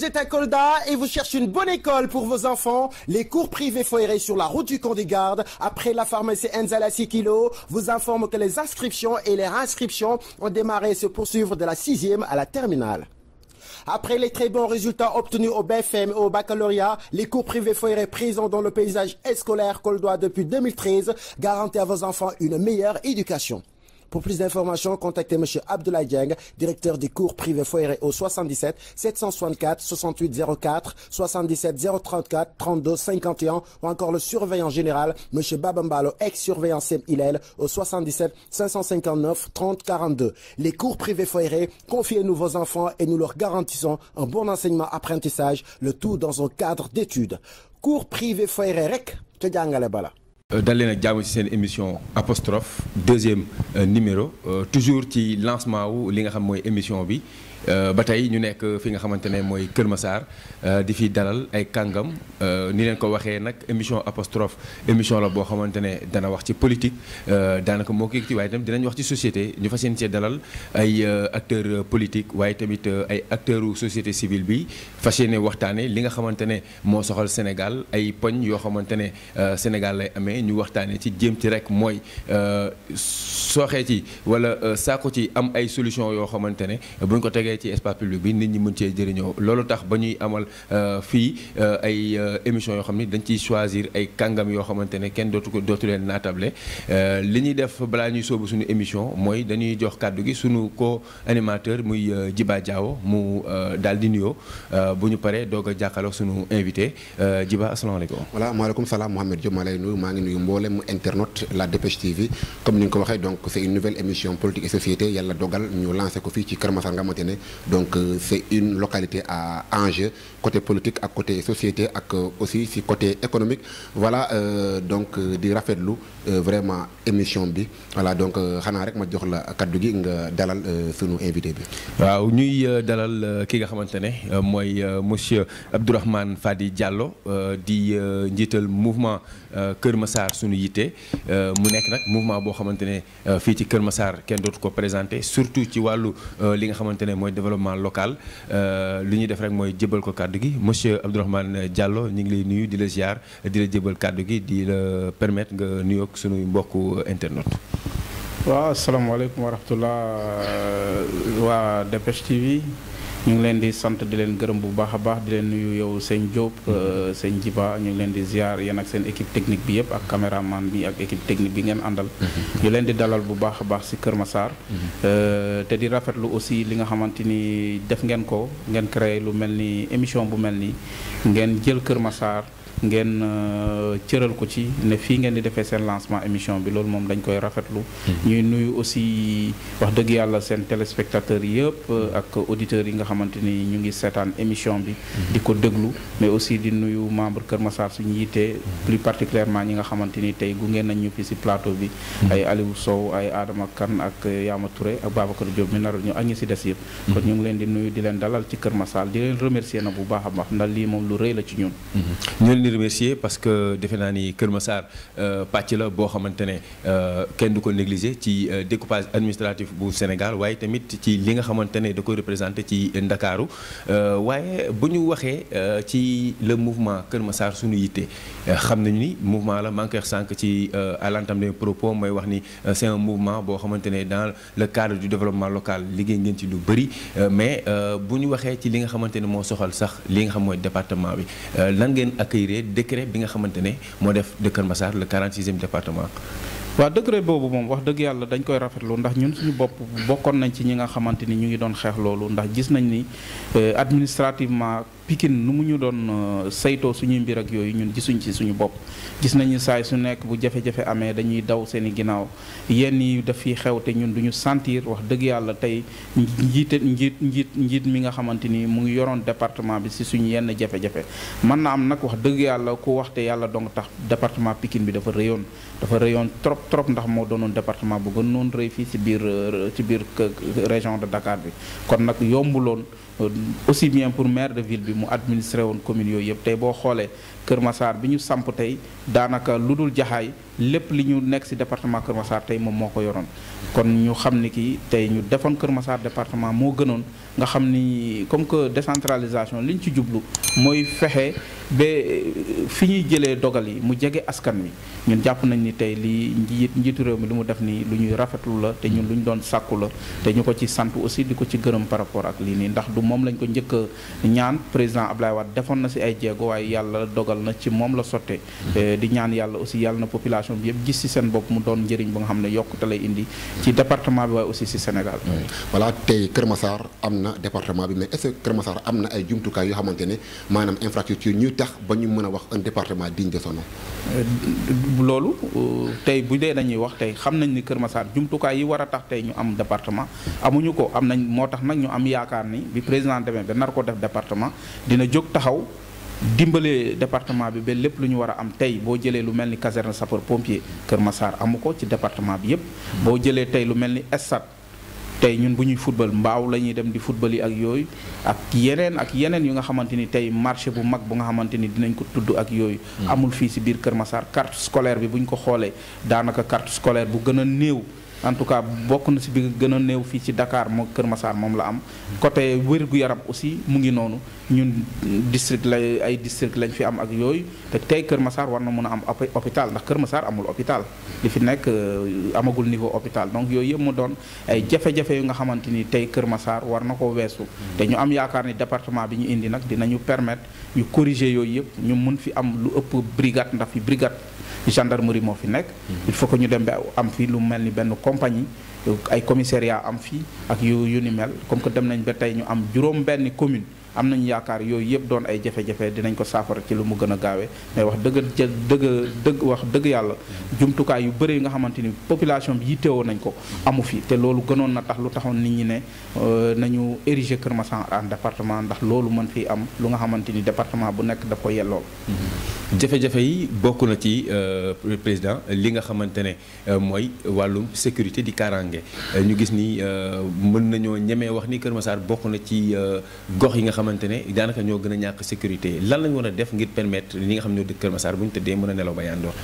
Vous êtes à Colda et vous cherchez une bonne école pour vos enfants. Les cours privés foirés sur la route du camp des gardes, après la pharmacie Enzala Sikilo, vous informe que les inscriptions et les réinscriptions ont démarré et se poursuivre de la sixième à la terminale. Après les très bons résultats obtenus au BFM et au baccalauréat, les cours privés foirés présents dans le paysage scolaire coldois depuis 2013 garantissent à vos enfants une meilleure éducation. Pour plus d'informations, contactez M. Abdoulaye Dieng, directeur des cours privés Foyer au 77 764 68 04 77 034 32 51 ou encore le surveillant général M. Babambalo, ex-surveillant Sem au 77 559 30 42. Les cours privés Foyer, confiez-nous vos enfants et nous leur garantissons un bon enseignement-apprentissage, le tout dans un cadre d'études. cours privés REC, rec, te bala euh, dans une émission apostrophe deuxième euh, numéro euh, toujours qui lancement ou l'émission. émission euh, ba tey ñu nek fi nga xamantene moy mooy Kër Massar euh, di fi dalal ay kàngam euh, ni len ko waxee nak émission apostrophe émission la bo xamantene dana wax ci politique daanaka moo ko yëkkati tam tamit dinañ wax ci société ñu fas yéene dalal ay acteur politique waaye tamit ay acteur société civile bi fas yéene li nga xamantene mo soxal Sénégal ay poñ yo xamantene Sénégal lay amé ñu waxtaane ci jéem ci rek mooy soxé ci wala saako ci am ay solution yo xamantene buñ ko tegee ci espace public bi nit ñi mën cee jëriñoo loolu tax ba ñuy amal euh, fii euh, ay euh, émission yoo xam ne dañ ciy choisir ay kàngam yoo xamante ne kenn dootu ko dootu leen naatable li ñuy def balaa ñuy sóobu suñu émission mooy dañuy jox kàddu gi suñu co-animateur muy Djiba Diawo mu daal di nuyoo bu ñu paree doog a jàkkaarloog suñu invité Djiba asalaamaaleykum. voilà maaleykum salaam Mouhamed Diop maa lay nuyu maa ngi nuyu mboolem internaute la Dépêche TV comme ni nga ko waxee donc c'est une nouvelle émission politique et société yàlla dogal ñu lancé ko fii ci Kër nga xamante ne donc euh, c'est une localité à enjeu côté politique ak côté société ak euh, aussi si côté économique voilà euh, donc di rafetlu vraiment émission bi voilà donc Hanarek rek ma jox la kaddu gi nga dalal sunu invité bi. waaw ñuy dalal ki nga xamante ne monsieur Abdourahmane Fadi Diallo di njiital mouvement Kër Massar sunu yitte mu mouvement boo xamante ne fii ci Kër Massar kenn dootu ko présenté surtout ci voit li nga maintenant, moi. mooy développement local euh, li ñuy def rek mooy jébal ko kàddu gi monsieur Abdourahmane Diallo ngi lay nuyu di la ziar di la jébal gi di la permettre nga nuyoog suñuy mbokku internet. waaw asalaamaaleykum wa rahmatulah euh, Wa Dépêche TV ñu ngi leen di sant di leen gërëm bu baax a baax di leen nuyu yow sëñ Diop mm-hmm. euh, sëñ ñu ngi leen di ziar yéen ak seen équipe technique bi yëpp ak caméraman bi ak équipe technique bi ngeen àndal mm-hmm. ñu leen di dalal bu baax a baax si Kër Massar mm-hmm. euh, te di rafetlu aussi li nga xamante ni def ngeen ko ngeen créé lu mel ni émission bu mel ni ngeen jël Kër Massar ngeen euh, cëral ko ci ne fii ngeen di defee seen lancement émission bi loolu moom dañ koy rafetlu hmm. ñuy nuyu aussi wax dëgg yàlla seen téléspectateurs yëpp euh, ak auditeurs yi nga xamante ñu ngi seetaan émission bi hmm. di ko déglu mais aussi di nuyu membre Kër Massar suñu yitee hmm. plus particulièrement ñi nga xamante ni tey gunge nañ ñu fi si plateau bi ay Aliou Sow ay Adama Kane ak euh, Yama Touré ak Babacar Diop mi nar ñu ak ñi si des kon ñu ngi leen di nuyu di leen dalal ci Kër Massar di leen remercier na bu baax a baax ndax lii moom lu rëy la ci ñun di remercier parce que Defenani naa ni Kër Massar euh, pàcc la boo xamante ne euh, kenn du ko négliger ci euh, découpage administratif du Sénégal waaye tamit ci li nga xamante ne da koy qui ci Ndakaaru waaye bu ñu waxee ci le mouvement Kër Massar suñu yitte xam ni mouvement la manqueur que ci à l'entame des propos mais wax ni c'est un mouvement boo xamante dans le cadre du développement local liggéey ngeen ci mais bonjour. ñu waxee ci li nga xamante ne moo sax li nga département bi lan ngeen accueillir décret bi nga xamantene mo de le 46e département waa degré boobu moom wax dëgg yàlla dañ koy rafetlu ndax ñun suñu bopp bokkoon nañ ci ñi nga xamante ni ñu ngi doon xeex loolu ndax gis nañ ni euh, administrativement pikin nu mu ñu doon euh, saytoo suñuy mbir ak yooyu ñun gisuñ ci suñu bopp gis nañu saay su nekk bu jafe-jafe amee dañuy daw seen i ginnaaw yenn yi daf fiy xew te ñun duñu sentir wax dëgg yàlla tey njiite njiit njiit njiit mi nga xamante mu ngi yoroon département bi si suñu yenn jafe-jafe man na am nag wax dëgg yàlla ku waxte yàlla dong tax département pikin bi dafa réyoon dafa rëyoon trop trop ndax moo doonoon département bu gën noonu rëy fii ci biir euh, ci biir région de Dakar bi kon nag yombuloon euh, aussi bien pour maire de ville bi mu administré woon commune yooyu yëpp tey boo xoolee Kër Massar bi ñu samp tey daanaka lu dul jaxaay lépp li ñu nekk ci département Kër Massar tey moom moo ko yoroon kon ñu xam ni kii tey ñu defoon Kër Massar département moo gënoon nga xam ni comme que décentralisation li ñu ci jublu mooy fexe ba euh, fi ñuy jëlee dogal yi mu jege askan wi ñun jàpp nañ ni tey lii njiit njiitu réew mi li mu def nii lu ñuy rafetlu la te ñun mm. lu ñu doon sàkku la te ñu ko ci sant aussi di ko ci gërëm par rapport ak lii nii ndax du moom lañ ko njëkk a ñaan président Ablaye Wade defoon na si ay jéego waaye yàlla dogal na ci moom la sotte mm. eh, di ñaan yàlla aussi yàlla na population bi yëpp gis si seen bopp mu doon njëriñ ba nga xam ne yokkute lay indi ci département bi waaye aussi si Sénégal voilà tey Kër Massar am na département bi mais est-ce que Kër ay jumtukaay yoo xamante ne maanaam infrastructure ñuy tax ba ñu mën a wax département digne de son loolu euh, tey bu dee dañuy wax tey xam nañ ni Kër Massar jumtukaay yi war a tax tey ñu am département amuñu ko am nañ moo tax nag ñu am yaakaar ni bi président demee ba nar ko def département dina jóg taxaw dimbalee département bi ba lépp lu ñu war a am tey boo jëlee lu mel ni caserne sapeur pompier Kër Massar amu ko ci département bi yépp boo jëlee tey lu mel ni stade tey ñun bu ñuy football mbaaw la ñuy dem di football ak yooyu ak yeneen ak yeneen yu nga xamante ni tey marché bu mag bu nga xamante ni dinañ ko tudd ak yooyu. Hmm. amul fii si biir Kër Massar carte scolaire bi bu ñu ko xoolee daanaka carte scolaire bu gën a néew. en tout cas bokk na si bi gën a néew fii ci dakaar moo Kër Massar moom la am côté wér-gu-yaram aussi mu ngi noonu ñun district lay ay district lañ fi am ak yooyu te tey Kër Massar war na mun a am hôpital ndax Kër Massar amul hopital li fi nekk euh, amagul niveau hopital donc yooyu yëpp mu doon ay jafe-jafe yu nga xamante ni tey Kër Massar war na ko weesu te ñu am yaakaar ni département bi ñu indi nag dinañu permettre ñu corriger yooyu yëpp ñu mun fi am lu ëpp brigade ndax fi brigade gendarmerie mo fi nek mhm. il faut que ñu dem am fi lu melni ben benn compagnie ay commissariat am fi ak yu yu ni mel comme que dem nañ ba tay ñu am juroom ben commune. am nañu yaakaar yooyu yëpp doon ay jafe-jafe dinañ ko saafara ci lu mu gën a gaawee wax dëgg dëgg dëgg wax dëgg yàlla jumtukaay yu bëri yi nga xamante ni population bi yittewoo nañ ko amu fi te loolu gënoon na tax lu taxoon nit ñi ne euh, nañu ériger Kër Massar en département ndax loolu mën fi am lu nga xamante ni département bu nekk daf ko yellool jafe-jafe yi bokk na ci euh, président li nga xamante ne euh, mooy wàllum sécurité di kaaraange ñu gis ni mën nañoo ñemee wax ni Kër Massar bokk na ci gox xamante ne daanaka ñoo gën a ñàkk sécurité lan lañ war a def ngir permettre li nga xam ne ñoo dëkk Kër Massar bu ñu tëddee mën a nelaw ba yàndoor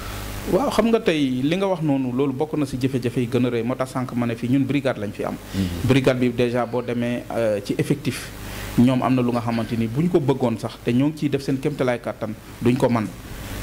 waaw xam nga tey li nga wax noonu loolu bokk na si jafe-jafe yi gën a rëy moo tax sànq ma ne fii ñun brigade lañ fi am mm-hmm. brigade bi déjà boo demee euh, ci effectif ñoom am na lu nga xamante ni bu ñu ko bëggoon sax te ñoo ngi ciy def seen kéemtalaay kàttan duñ ko man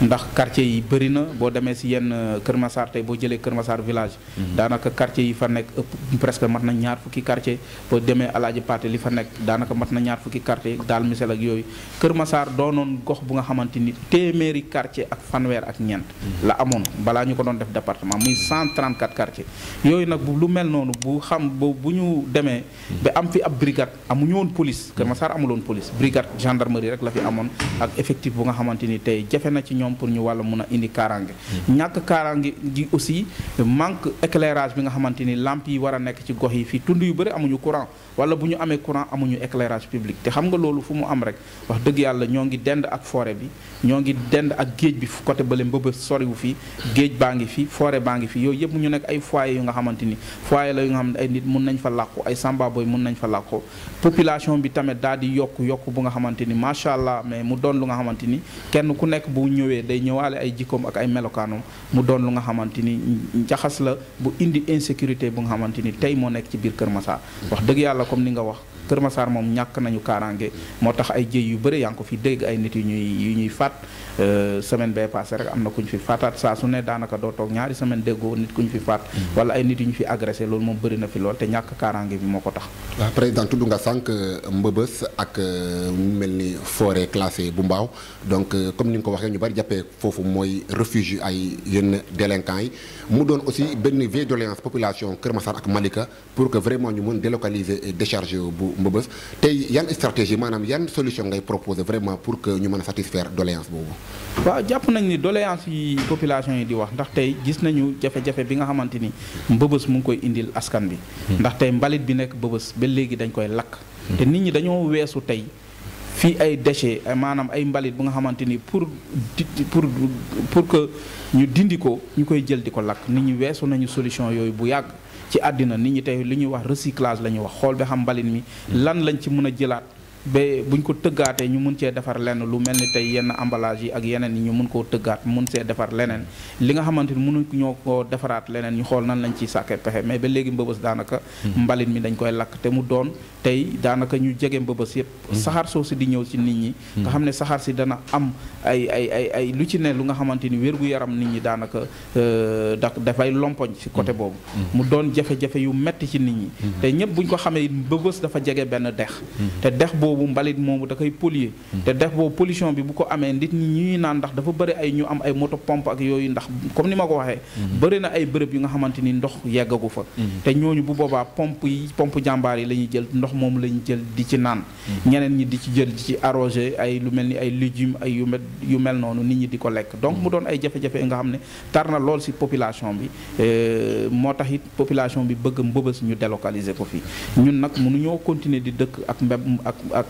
ndax quartier yi bëri na boo demee si yenn euh, Kër Massar tey boo jëlee Kër Massar village mhm. daanaka quartier yi fa nekk ëpp presque mat na ñaar fukki quartier boo demee Alaaji Paate li fa nekk daanaka mat na ñaar fukki quartier daal misel ak yooyu Kër Massar doonoon gox bu nga xamante ni téeméeri quartier ak fanweer ak ñeent mhm. la amoon balaa ñu ko doon def département muy 134 quartier yooyu nag bu lu mel noonu bu xam bu bu ñu demee mhm. am fi ab brigade amuñu woon police Kër Massar amuloon police brigade gendarmerie rek la fi amoon ak effectif bu nga xamante ni tey na ci ñoom pour ñu wàlla mun a indi kaaraange ñàkk kaaraange ni lamp yi war a nekk ci gox yi fii tund yu bëri amuñu courant wala bu ñu amee courant amuñu éclairage public te xam nga loolu fu mu am rek wax dëgg yàlla ñoo ngi dend ak forêt bi ñoo ngi dend ak géej bi côté bële mbëbë soriwu fi géej baa ngi fi forêt baa ngi fi yooyu yëpp ñu nekk ay foyer yu nga xamante ni foyer la yu xam ne ay nit mun nañ fa làqu ay samba mun nañ fa làqu population bi tamit daal di yokk bu nga xamante ni macha allah mais mu doon lu nga xamante kenn ku nekk bu ñëwee day ñëwaale ay jikkoom ak ay melokaanam mu doon lu nga xamante ni njaxas la bu indi insécurité bu nga xamante ni tey moo nekk ci biir Kër Massar wax dëgg yàlla comme ni nga wax Kër Massar moom ñàkk nañu kaaraange moo tax ay jëy yu bëri yaa ngi ko fi dégg ay nit yu ñuy yu ñuy faat euh, semaine bee passé rek am na ku fi faataat saa su ne daanaka doo toog ñaari semaine déggoo nit ku ñu fi faat mm-hmm. wala ay nit yu ñu fi agressé loolu moom bëri na fi lool te ñàkk kaaraange bi moo ko tax waaw président tudd nga sànq mbëbës ak euh, mu mel ni foore classée bu mbaaw donc euh, comme ni nga ko waxee ñu bari jàppee foofu mooy refuge ay yenn délinquants yi mu doon aussi benn vieille population Kër Massar ak Malika pour que vraiment ñu mën délocaliser et bu Mbëbës tay yane stratégie manam yane solution ngay proposer vraiment pour que ñu mën satisfaire doléance bobu wa japp nañ ni doléance yi population yi di wax ndax tay gis nañu jafé jafé bi nga xamanteni ni mu ngoy indil askan bi. Hmm. ndax tay mbalit bi nek mbëbës ba léegi dañ koy lak hmm. te nit ñi dañoo wéssu tay fi ay déchets manam ay mbalit bu nga xamanteni pour pour pour que ñu dindiko ko jël diko lak nit ñi wéssu nañu solution yooyu bu yàgg. ci àddina nit ñi tey li ñuy wax recyclage la ñuy wax xool bi xam mbalin mi lan lañ ci mën a jëlaat ba buñ ko tëggaatee ñu mun cee defar lenn lu mel ni tey yenn emballage yi ak yeneen yi ñu mun koo tëggaat mun see defar leneen li nga xamante ni mënu ñoo koo defaraat leneen ñu xool nan lañ ciy sàkkee pexe mais ba léegi mbëbës daanaka hmm. mbalit mi dañ koy lakk te mu doon tey daanaka ñu jege mbëbës yëpp hmm. saxaar si di ñëw ci nit ñi hmm. nga xam ne saxaar si dana am ay ay ay ay lu ci ne lu nga xamante ni wér-gu-yaram nit ñi daanaka euh, da dafay lompoñ si côté boobu mu doon jafe-jafe yu metti ci nit ñi te ñëpp buñ ko xamee mbëbës dafa jege benn dex te dex boobu mbalit moomu da koy polluer te def boobu pollution bi bu ko amee nit ñi ñuy naan ndax dafa bëri ay ñu am ay moto pompe ak yooyu ndax comme ni ma ko waxee mhm. bëri na ay bërëb yu nga xamante ni ndox yeggagu fa mhm. te ñooñu bu boobaa pomp yi pomp jàmbaar yi la ñuy jël ndox moom la jël di ci naan mhm. ñeneen ñi di ci jël di ci arrosé ay lu mel ni ay légumes ay yu mel yu mel noonu nit ñi di ko lekk donc mu doon ay jafe-jafe nga xam ne tar na lool si population bi euh, moo tax it population bi bëgg mbëbës ñu délocaliser ko fii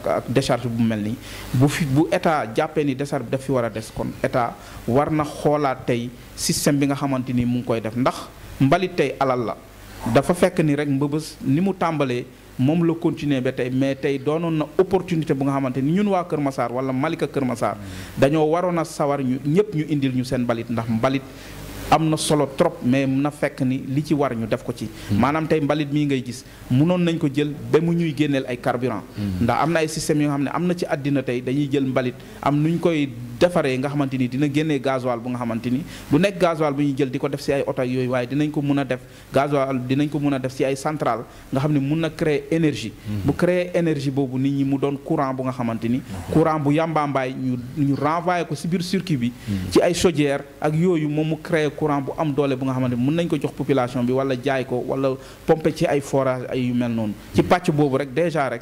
ak décharge bu mel nii bu fi bu état jàppee ni décharge bi daf fi war a des kon état war na xoolaat tey système bi nga xamante ni mu ngi koy def ndax mbalit tey alal la dafa fekk ni rek mbëbës ni mu tàmbalee moom la continuer ba tey mais tey doonoon na opportunité bu nga xamante ni ñun waa Kër Massar wala Malika Kër Massar mm. dañoo waroon a sawar ñu ñëpp ñu indil ñu seen mbalit ndax mbalit am na solo trop mais na fekk ni li ci war ñu def ko ci hmm. maanaam tey mbalit mii ngay gis munoon nañ ko jël ba mu ñuy génneel ay carburant hmm. ndax am na ay systèmes yoo xam ne am na ci àddina tey dañuy jël mbalit am nu ñu koy defaree nga xamante ni dina génne gasoil bu nga xamante ni du nekk gasoil bu ñuy jël di ko def si ay oto ak yooyu waaye dinañ ko mun a def gasoil dinañ ko mun a def si ay centrale nga xam ne mun na créer énergie hmm. bu créer énergie boobu nit ñi mu doon courant bu nga xamante ni courant bu yàmbaambaay ñu ñu renvoyé ko si biir circuit bi hmm. ci ay chaudière ak yooyu moom mu créer courant bu am doole bu nga xamante ni mun nañ ko jox population bi wala jaay ko wala pomper ci ay forage ay mel noonu ci pàcc boobu rek déjà rek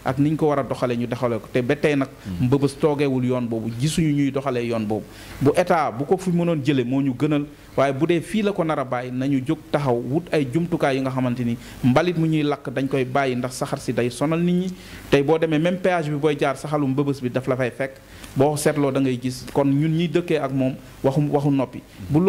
ak niñ ko wara a doxalee ñu doxalee ko te ba tey nag hmm. mbëbës toogeewul yoon boobu gisuñu ñuy doxalee yoon boobu bu état bu ko fi monyu jële moo ñu gënal waaye bu dee fii la ko nañu taxaw wut ay jumtuka yi nga xamante mbalit mu ñuy lakk dañ koy bàyyi ndax saxar si day sonal nit ñi tey boo demee même péage bi booy jaar saxalu mbëbës bi daf la fay fekk boo da ngay gis kon ñun ñuy dëkkee ak wahum waxu waxu noppi bu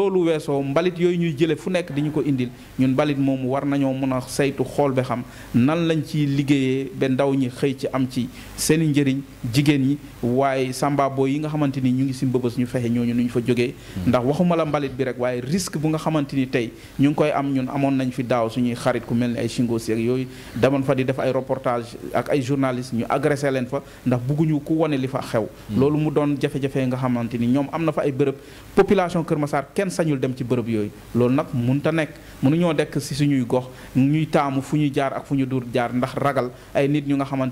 mbalit yooyu ñuy jële fu nekk ko indil ñun mbalit momu war nañoo mën a saytu xool ba xam nan lañ ci ñi xëy ci am ci seen njëriñ jigéen yi waaye samba yi nga xamante ni ñu ngi si mbëbës ñu fexe ñooñu nu ñu fa jógee hmm. ndax waxuma la mbalit bi rek waaye risque bu nga xamante ni tey ñu ngi koy am ñun amoon nañ fi daaw suñuy xarit ku mel ni ay shingo si yooyu demoon fa di def ay reportage ak ay journalistes ñu agressé leen fa ndax bugguñu ku wane li fa xew hmm. loolu mu doon jafe nga xamante ni ñoom am na fa ay bërëb population Kër Massar kenn sañul dem ci bërëb yooyu loolu nag mun munta nekk mënuñoo dekk si suñuy gox ñuy taamu fu ñuy jaar ak fu ñu dul jaar ndax ragal ay nit ñu nga xamante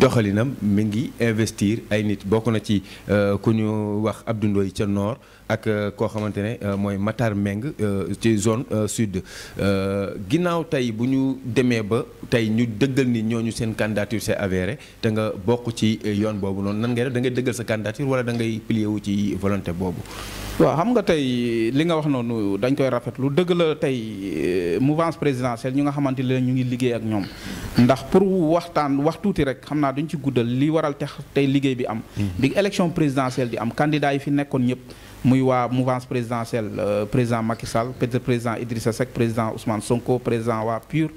doxalinam mi ngi investir ay nit bokk na ci euh, ku ñu wax ab Ndoye ca nord ak euh, koo xamante ne euh, mooy Matar Meng ci zone sud ginnaaw tey bu ñu demee ba tey ñu dëggal ni ñooñu seen candidature c'est avéré te nga bokk ci yoon boobu noonu nan ngay def da ngay dëggal sa candidature wala da ngay plier wu ci volonté boobu waaw xam nga tey li nga wax noonu dañ koy rafetlu dëgg la tey eh, mouvance présidentielle ñu nga xamante ne ñu ngi liggéey ak ñoom ndax pour waxtaan wax tuuti rek xam naa duñ ci guddal li waral tax tey liggéey bi am. bi mhm. élection présidentielle di am candidat yi fi nekkoon ñëpp. muy waa mouvance présidentielle euh, président Macky Sall président Idrissa Seck président Ousmane Sonko président waa PUR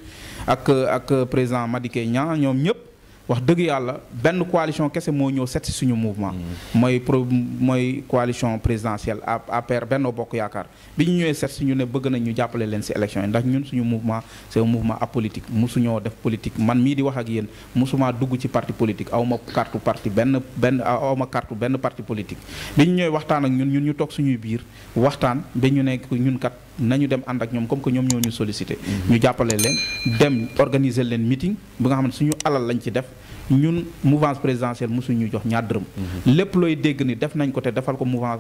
ak ak président Madické Niang ñoom ñëpp. wax dëgg yàlla benn coalition kese moo ñëw set si suñu mouvement. Mm. mooy pro mooy coalition présidentielle APR Benno Bokk Yaakaar bi ñu ñëwee set suñu ne bëgg nañ ñu jàppale leen si élection yi ndax ñun suñu mouvement c' est un mouvement apolitique mosuñoo def politique man mii di wax ak yéen sumaa dugg ci parti politique aw ma carte parti benn benn aw ma carte benn parti politique. bi ñu ñëwee waxtaan ak ñun ñun ñu toog suñuy biir waxtaan ba ñu nekk ñun kat. nañu dem ànd ak ñoom comme que ñoom ñoo ñu sollicité. Mhm. ñu jàppale leen dem organiser leen meeting bu nga xam ne suñu alal lañ ci def ñun mouvance présidentielle ñu jox ñaar dërëm. Mhm. lépp looy dégg ni def nañ ko te defal ko mouvance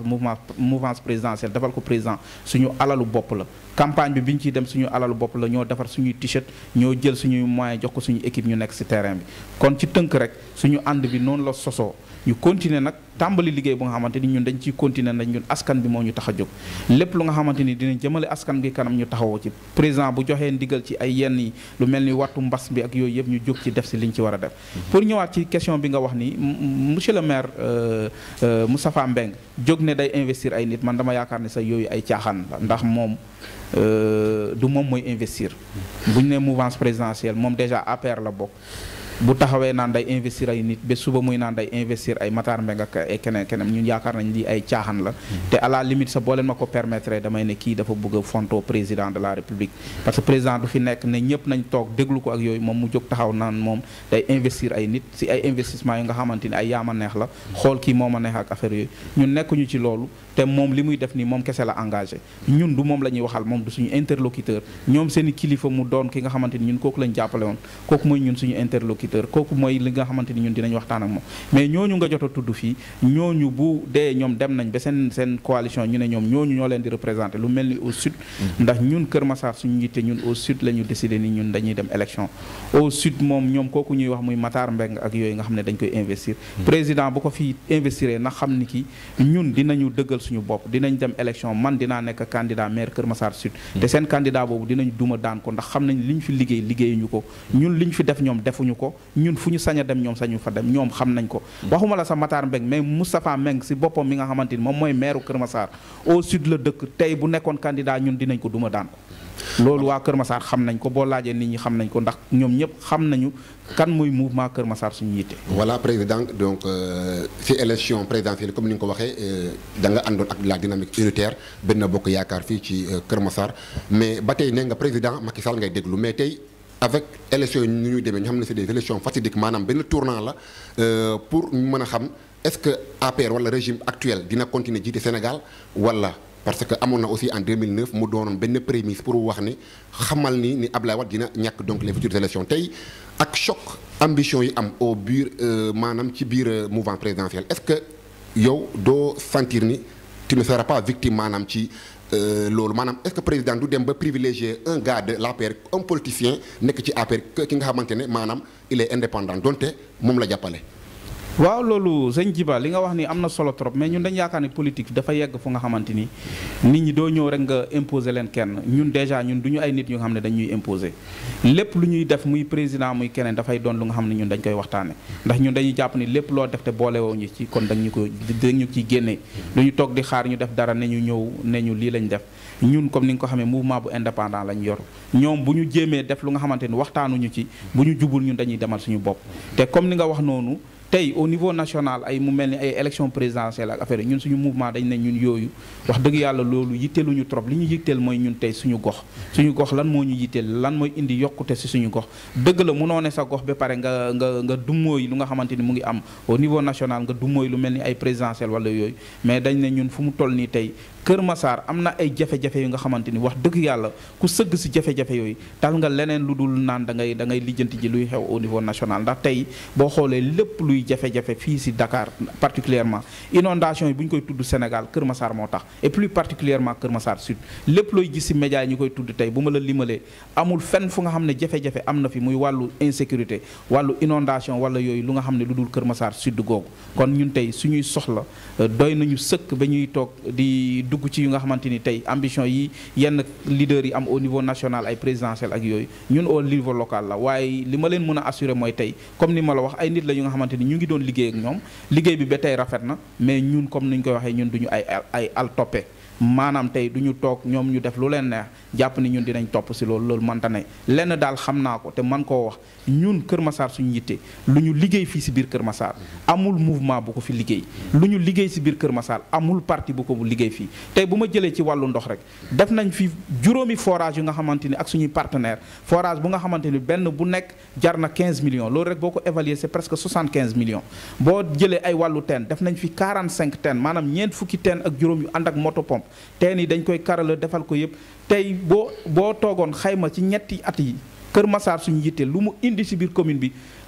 mouvance présidentielle defal ko président suñu alalu bopp la. campagne bi bi ñu ciy dem suñu alalu bopp la ñoo defar suñuy t-shirt ñoo jël suñuy moyens jox ko suñu équipe ñu nekk ci terrain bi kon ci tënk rek suñu ànd bi noonu la sosoo. ñu continuer nag tàmbali liggéey bu nga xamante ni ñun dañ ciy continuer nañ ñun askan bi moo ñu taxa jóg lépp lu nga xamante ni dinañ jëmale askan bi kanam ñu taxawoo ci président bu joxee ndigal ci ay yenn yi lu mel ni wattu mbas bi ak yooyu yëpp ñu jóg ci def si liñ ci war a def mhm. pour ñëwaat ci question bi nga wax ni monsieur le maire euh, euh, Moustapha Mbeng jóg ne day investir ay nit man dama yaakaar ne sax yooyu ay caaxaan la ndax moom euh, du moom mooy investir mhm. buñ ne mouvance présidentielle moom déjà APR la bokk bu taxawee naan day investir ay nit ba suba muy naan day investir ay Matar Mbengue ak ay keneen keneen ñun yaakaar nañ lii ay caaxaan la te à la sa boo leen ma ko permettre damay ne kii dafa bëgg a fonto président de la république parce que président du fi nekk ne ñëpp nañ toog déglu ko ak yooyu moom mu jóg taxaw naan moom day investir ay nit si ay investissement yi nga xamante ni ay yaama neex la xool kii moom a neex ak affaire yooyu ñun nekkuñu ci loolu te moom li muy def nii moom kese la engagé ñun du moom la ñuy waxal moom du suñu interlocuteur ñoom seen kilifa mu doon ki nga xamante ni ñun kooku lañ jàppale woon kooku mooy suñu interlocuteur agriculteur kooku mooy li nga xamante ni ñun dinañ waxtaan ak moom mais ñooñu nga jot a tudd fii ñooñu bu dee ñoom dem nañ ba seen seen coalition ñu ne ñoom ñooñu ñoo leen di représenté lu mel ni au sud mm-hmm. ndax ñun Kër masaar suñu yitte ñun au sud la ñu décidé ni ñun dañuy dem élection au sud moom ñoom kooku ñuy wax muy Matar Mbeng ak yooyu nga xam ne dañ koy investir mm-hmm. président bu ko fi investiree na xam ni ki ñun dinañu dëggal suñu bopp dinañ dem élection man dinaa nekk candidat maire Kër Massar sud mm-hmm. te seen boobu dinañ duma daan ndax xam nañ li ñu fi liggéey liggéeyuñu ko ñun li ñu fi def ñoom defuñu ko ñun fu ñu sañ a dem ñoom sañu fa dem ñoom xam nañ ko waxuma la sa Matar Mbeng mais Moustapha Mbeng si boppam mi nga xamante ni moom mooy maire Kër Massar au sud la dëkk tey bu nekkoon candidat ñun dinañ ko duma daan ko loolu waa Kër Massar xam nañ ko boo laajee nit ñi xam nañ ko ndax ñoom ñëpp xam nañu kan mooy mouvement Kër Massar suñu yitte. voilà président donc ci euh, élection présidentielle comme ni nga ko waxee euh, da nga àndoon ak la dynamique unitaire benn bokk yaakaar fii ci euh, Kër Massar mais ba tey nee nga président Macky Sall ngay déglu mais tey. avec les élections, nu ñuy des élections fatidiques maanaam tournant là, euh, pour nous mën est-ce que APR le régime actuel dina continuer jiite Sénégal voilà, parce que amoon aussi en 2009 mu doonoon ben prémisse pour wax ni xamal ni ni Abdoulaye Wade dina ñak donc les futures élections tay ak choc ambition yi am au bureau euh, manam ci bir euh, mouvement présidentiel est-ce que yow do sentir ni tu ne seras pas victime manam ci euh, lolu manam est-ce que président du dem ba privilégier un gars de l'APR un politicien nek ci APR ki nga xamantene manam il est indépendant Donc, donte mom la jappalé waaw loolu sëñ Jiba li nga wax ni am na solo trop mais ñun dañ yaakaar ne politique dafa yegg fu nga xamante ni nit ñi doo ñëw rek nga imposer leen kenn ñun déjà ñun du ñu ay nit ñu nga xam ne dañuy imposer lépp lu ñuy def muy président muy keneen dafay doon lu nga xam ne ñun dañ koy waxtaane ndax ñun dañuy jàpp ni lépp loo def te boolewoo ñu ci kon dañu ko dañu ciy génnee du ñu toog di xaar ñu def dara ne ñu ñëw ne ñu lii lañ def ñun comme ni nga ko xamee mouvement bu indépendant lañ yor ñoom bu ñu jéemee def lu nga xamante ni waxtaanuñu ci bu ñu jubul ñun dañuy demal suñu bopp te tey au niveau national ay mu mel ni ay élection présidentielle ak affaire ñun suñu mouvement dañ ne ñun yooyu wax dëgg yàlla loolu yitteeluñu trop li ñu yitteel mooy ñun tey suñu gox suñu gox lan moo ñu yitteel lan mooy indi yokkute si suñu gox dëgg la munoo ne sa gox ba pare nga nga nga dummóoy lu nga xamante ni mu ngi am au niveau national nga dummóoy lu mel ni ay présidentielle wala yooyu mais dañ ne ñun fu mu toll nii tey Kër Massar am na ay jafe-jafe yu nga xamante ni wax dëgg yàlla ku sëgg si jafe-jafe yooyu dal nga leneen lu dul naan da ngay da ngay lijjanti ji luy xew au niveau national ndax tey boo xoolee lépp luy jafe-jafe fii si dakaar particulièrement inondation yi bu ñu koy tudd Sénégal Kër masaar moo tax et plus particulièrement Kër Massar Sud lépp looy gis si médias yi ñu koy tudd tey bu ma la limalee amul fenn fu nga xam ne jafe-jafe am na fi muy wàllu insécurité wàllu inondation wala yooyu lu nga xam ne lu dul Kër Massar Sud googu dugg ci yu nga xamanteni tay ambition yi yenn leader yi am au niveau national ay présidentiel ak yoy ñun au niveau local la waye li ma leen mëna assurer moy tay comme ni ma la wax ay nit la yu nga xamanteni ñu ngi doon liggéey ak ñom liggéey bi ba tey rafet na mais ñun comme ni ñu koy waxe ñun duñu ay ay al topé. maanaam tey du ñu toog ñoom ñu def lu leen neex jàpp ni ñun dinañ topp si loolu loolu mënta ne lenn daal xam naa ko te man koo wax ñun Kër Massar suñu yitte lu ñu liggéey fii si biir Kër Massar amul mouvement bu ko fi liggéey lu ñu liggéey si biir Kër Massar amul parti bu ko liggéey fii tey bu ma jëlee ci wàllu ndox rek def nañ fi juróomi forage yu nga xamante ni ak suñuy partenaire forage bu nga xamante ni benn bu nekk jar na 15 millions loolu rek boo k évaluer c'est presque 75 millions boo jëlee ay wàllu teen def nañ fi 45 teen maanaam ñeent fukki teen ak juróom yu ànd moto pompe teen yi dañ koy karala defal ko yëpp tey boo boo toogoon xayma ci ñetti at yi Kër Massar suñu yitte lu mu indi si biir commune bi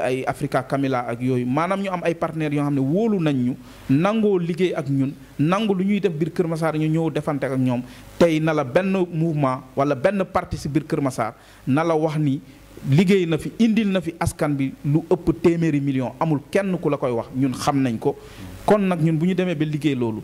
ay ay Africa ak yooyu maanaam ñu am ay partenaires yoo xam ne wóolu nañ ñu nangoo liggéey ak ñun nangu lu ñuy def biir Kër Massar ñu ñëw defante ak ñoom tey na la benn mouvement wala benn parti si biir Kër Massar na la wax ni liggéey na fi indil na fi askan bi lu ëpp téeméeri million amul kenn ku la koy wax ñun xam nañ ko kon nag ñun bu ñu demee ba liggéey loolu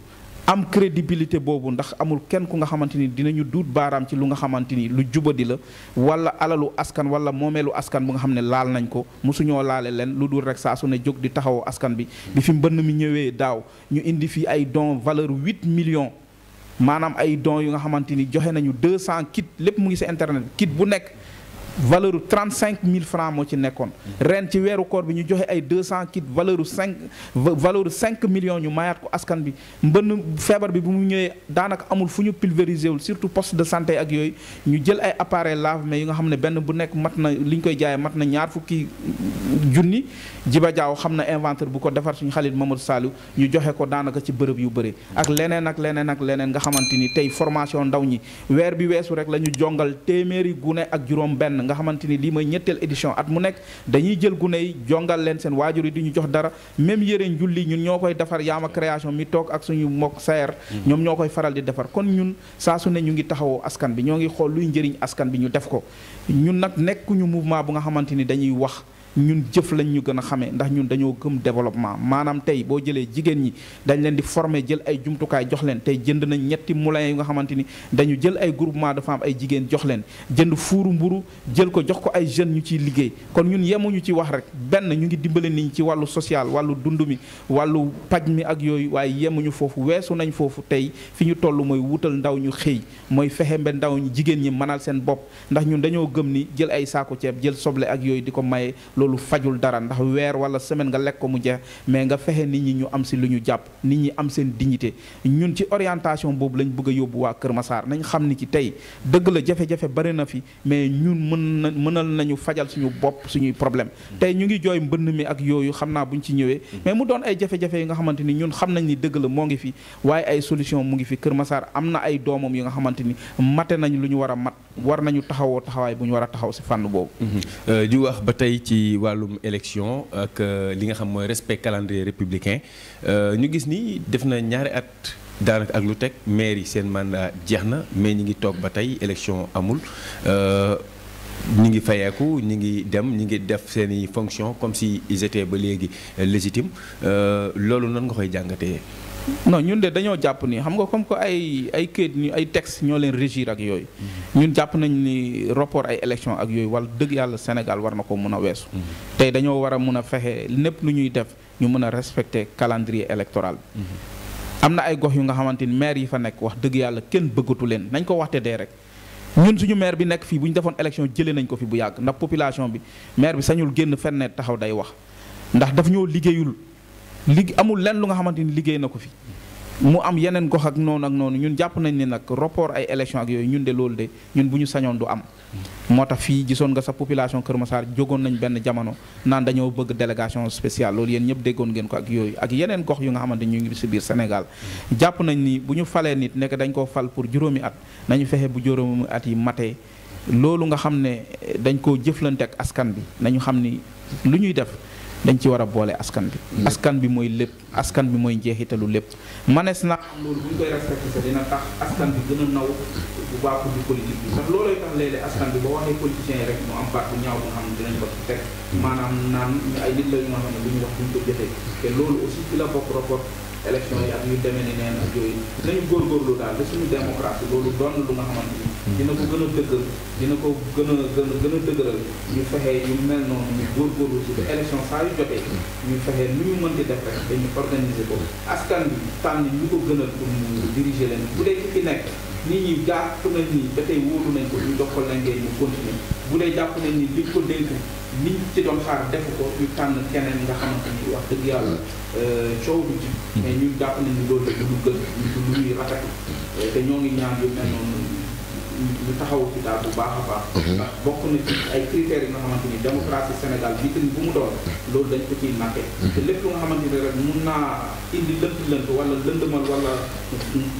am crédibilité boobu ndax amul kenn ku nga xamante ni dinañu duut baaraam ci lu nga xamante ni lu jubadi la wala alalu askan wala moomeelu askan bu nga xam ne laal nañ ko mosuñoo laale leen lu dul rek saa su ne jóg di taxawu askan bi bi fi mbënn mi ñëwee daaw ñu indi fii ay don valeur 8 millions maanaam ay don yu nga xamante ni joxe nañu 200 kit lépp mu ngi sa internet kit bu nekk valeur trent cinq mille francs moo ci nekkoon mm-hmm. ren ci weeru koor bi ñu joxe ay deux cent kit valeur cinq valeur cinq millions ñu maayaat ko askan bi mbënn feebar bi bu mu ñëwee daanaka amul fu ñu pulvériser wul surtout poste de santé ak yooyu ñu jël ay appareil lave yi nga xam ne benn bu nekk mat na li ñu koy jaaye mat na ñaar fukki junni jiba jaaw xam na inventeur bu ko defar suñu xalit Mamadou Saliou ñu joxe ko daanaka ci bërëb yu bëri ak mm-hmm. leneen ak leneen ak leneen nga xamante ni tey formation ndaw ñi weer bi weesu rek la ñu jongal téeméeri gune ak juróom benn nga xamante ni lii mooy ñetteel édition at mu nekk dañuy jël gune yi jongal leen seen waajur yi di ñu jox dara même yëre njulli ñun ñoo koy defar ma création mi toog ak suñu mbokk saer hmm. ñoom ñoo koy faral di defar kon ñun saa su ne ñu ngi taxawoo askan bi ñoo ngi xool luy njëriñ askan bi ñu def ko ñun nag nekkuñu mouvement bu nga xamante ni dañuy wax ñun jëf lañ ñu gën a xamee ndax ñun dañoo gëm développement maanaam tey boo jëlee jigéen ñi dañ leen di former jël ay jumtukaay jox leen tey jënd nañ ñetti moulin yu nga xamante ni dañu jël ay groupement de femmes ay jigéen jox leen jënd fuuru mburu jël ko jox ko ay jeunes ñu ciy liggéey kon ñun yemuñu ci wax rek benn ñu ngi dimbale nit ci wàllu social wàllu dund mi wallu paj mi ak yooyu waaye yemuñu foofu weesu nañ foofu tey fi ñu toll mooy wutal ndaw ñu xëy mooy fexe mbe ndaw ñu jigéen ñi mënal seen bopp ndax ñun dañoo gëm ni jël ay saako ceeb jël soble ak yooyu di ko maye loolu fajul dara ndax weer wala semaine nga lekk ko mu jeex mais nga fexe nit ñi ñu am si lu ñu jàpp nit ñi am seen dignité ñun ci orientation boobu lañ bëgg a yóbbu waa Kër masaar nañ xam ni ci tey dëgg la jafe bari na fi mais ñun mën na mënal nañu fajal suñu bopp suñuy problème tey ñu ngi jooy mbënn mi ak yooyu xam naa bu ñu ci ñëwee mais mu doon ay jafe-jafe yi nga xamante ni ñun xam nañ ni dëgg la moo ngi fi waaye ay solution mu ngi fi Kër masaar am na ay doomam yu nga xamante ni mate nañ lu ñu war a mat war nañu taxawoo taxawaay bu ñu war a taxaw si fànn boobu. Mhm. Euh, di wax ba tey ci wàllum élection ak euh, li nga xam mooy respect calendrier républicain euh, ñu gis nii def na ñaari at. daanaka ak lu teg maire yi seen mandat jeex na mais ñu ngi toog ba tey élection amul ñi ngi fayeeku ñu ngi dem ñu ngi def seen i fonction comme si ils ba léegi légitime loolu nan nga koy jàngatee. non ñun de dañoo jàpp ni xam nga comme que ay ay këyit ñu ay texte ñoo leen régir ak yooyu. ñun jàpp nañ ni rapport ay élection ak yooyu wala dëgg yàlla Sénégal war na ko mun a weesu. tey dañoo war a mun a fexe lépp lu ñuy def ñu mën a respecter calendrier électoral bi. am na ay gox yu nga xamante ni maire yi fa nekk wax dëgg yàlla kenn bëggatu leen nañ ko waxte dee rek. ñun suñu maire bi nekk fii bu ñu defoon élection jëlee nañ ko fi bu yàgg ndax population bi maire bi sañul génn fenn taxaw day wax ndax daf ñoo liggéeyul. lig amul lenn lu nga xamante ni liggéey na ko fi mu am yeneen gox ak noonu ak noonu ñun jàpp nañ ne nag rapport ay élection ak yooyu ñun de loolu de ñun bu ñu sañoon du am moo tax fii gisoon nga sa population Kër Massar jógoon nañ benn jamono naan dañoo bëgg délégation spéciale loolu yéen ñëpp déggoon ngeen ko ak yooyu ak yeneen gox yu nga xamante ñu ngi si biir Sénégal jàpp nañ ni bu ñu falee nit nekk dañ koo fal pour juróomi at nañu fexe bu juróomi at yi matee loolu nga xam ne dañ koo jëflante ak askan bi nañu xam ni lu ñuy def dañ ci war a boole askan bi. Mm. askan bi mooy lépp askan bi mooy njeexitalu lépp. manees na loolu bu ñu koy respecté sax dina tax askan bi gën a naw bu baaxul di politique bi sax loolooy tax léeg-léeg askan bi boo waxee politiciens yi rek mu am baat bu ñaaw bu xam ne dinañ ko teg mm. maanaam naan ay nit la ñu nga xam ne lu ñu wax duñ ko jëfee te loolu aussi ci la bokk rapport. élection ya ak yu demee ni neen ak yooyu nañu góorgóorlu daal ba suñu démocratie loolu doon lu nga xamante ni dina ko gën a dëggal dina ko gën a gën a gën a dëgëral ñu fexee yu mel noonu ñu góorgóorlu si ba élection saa yu jotee ñu fexee lu ñu mën di def rek dañu organiser ko askan bi tànn ñu ko gën a pour mu diriger leen bu dee ki fi nekk nit ñi jàpp nañ ni ba tey wóolu nañ ko ñu jox ko lengee ñu continuer bu dee jàpp nañ ni liñ ko dénk nit ci doon xaar def ko ñu tànn keneen nga xamante ni wax dëgg yàlla euh, coow du ji. Mm-hmm. mais ñun jàpp nañu loolu du lu gën lu ñuy rafetlu te ñoo ngi ñaan yu mel noonu ñu taxaw ci daal bu baax a baax. Mm-hmm. ndax bokk na ci ay critères nga xamante ni démocratie Sénégal bi tamit bu mu doon loolu dañ ko ciy nàkkee. Mm-hmm. te lépp lu nga xamante ni rek mun naa indi lënt-lënt wala lëndëmal wala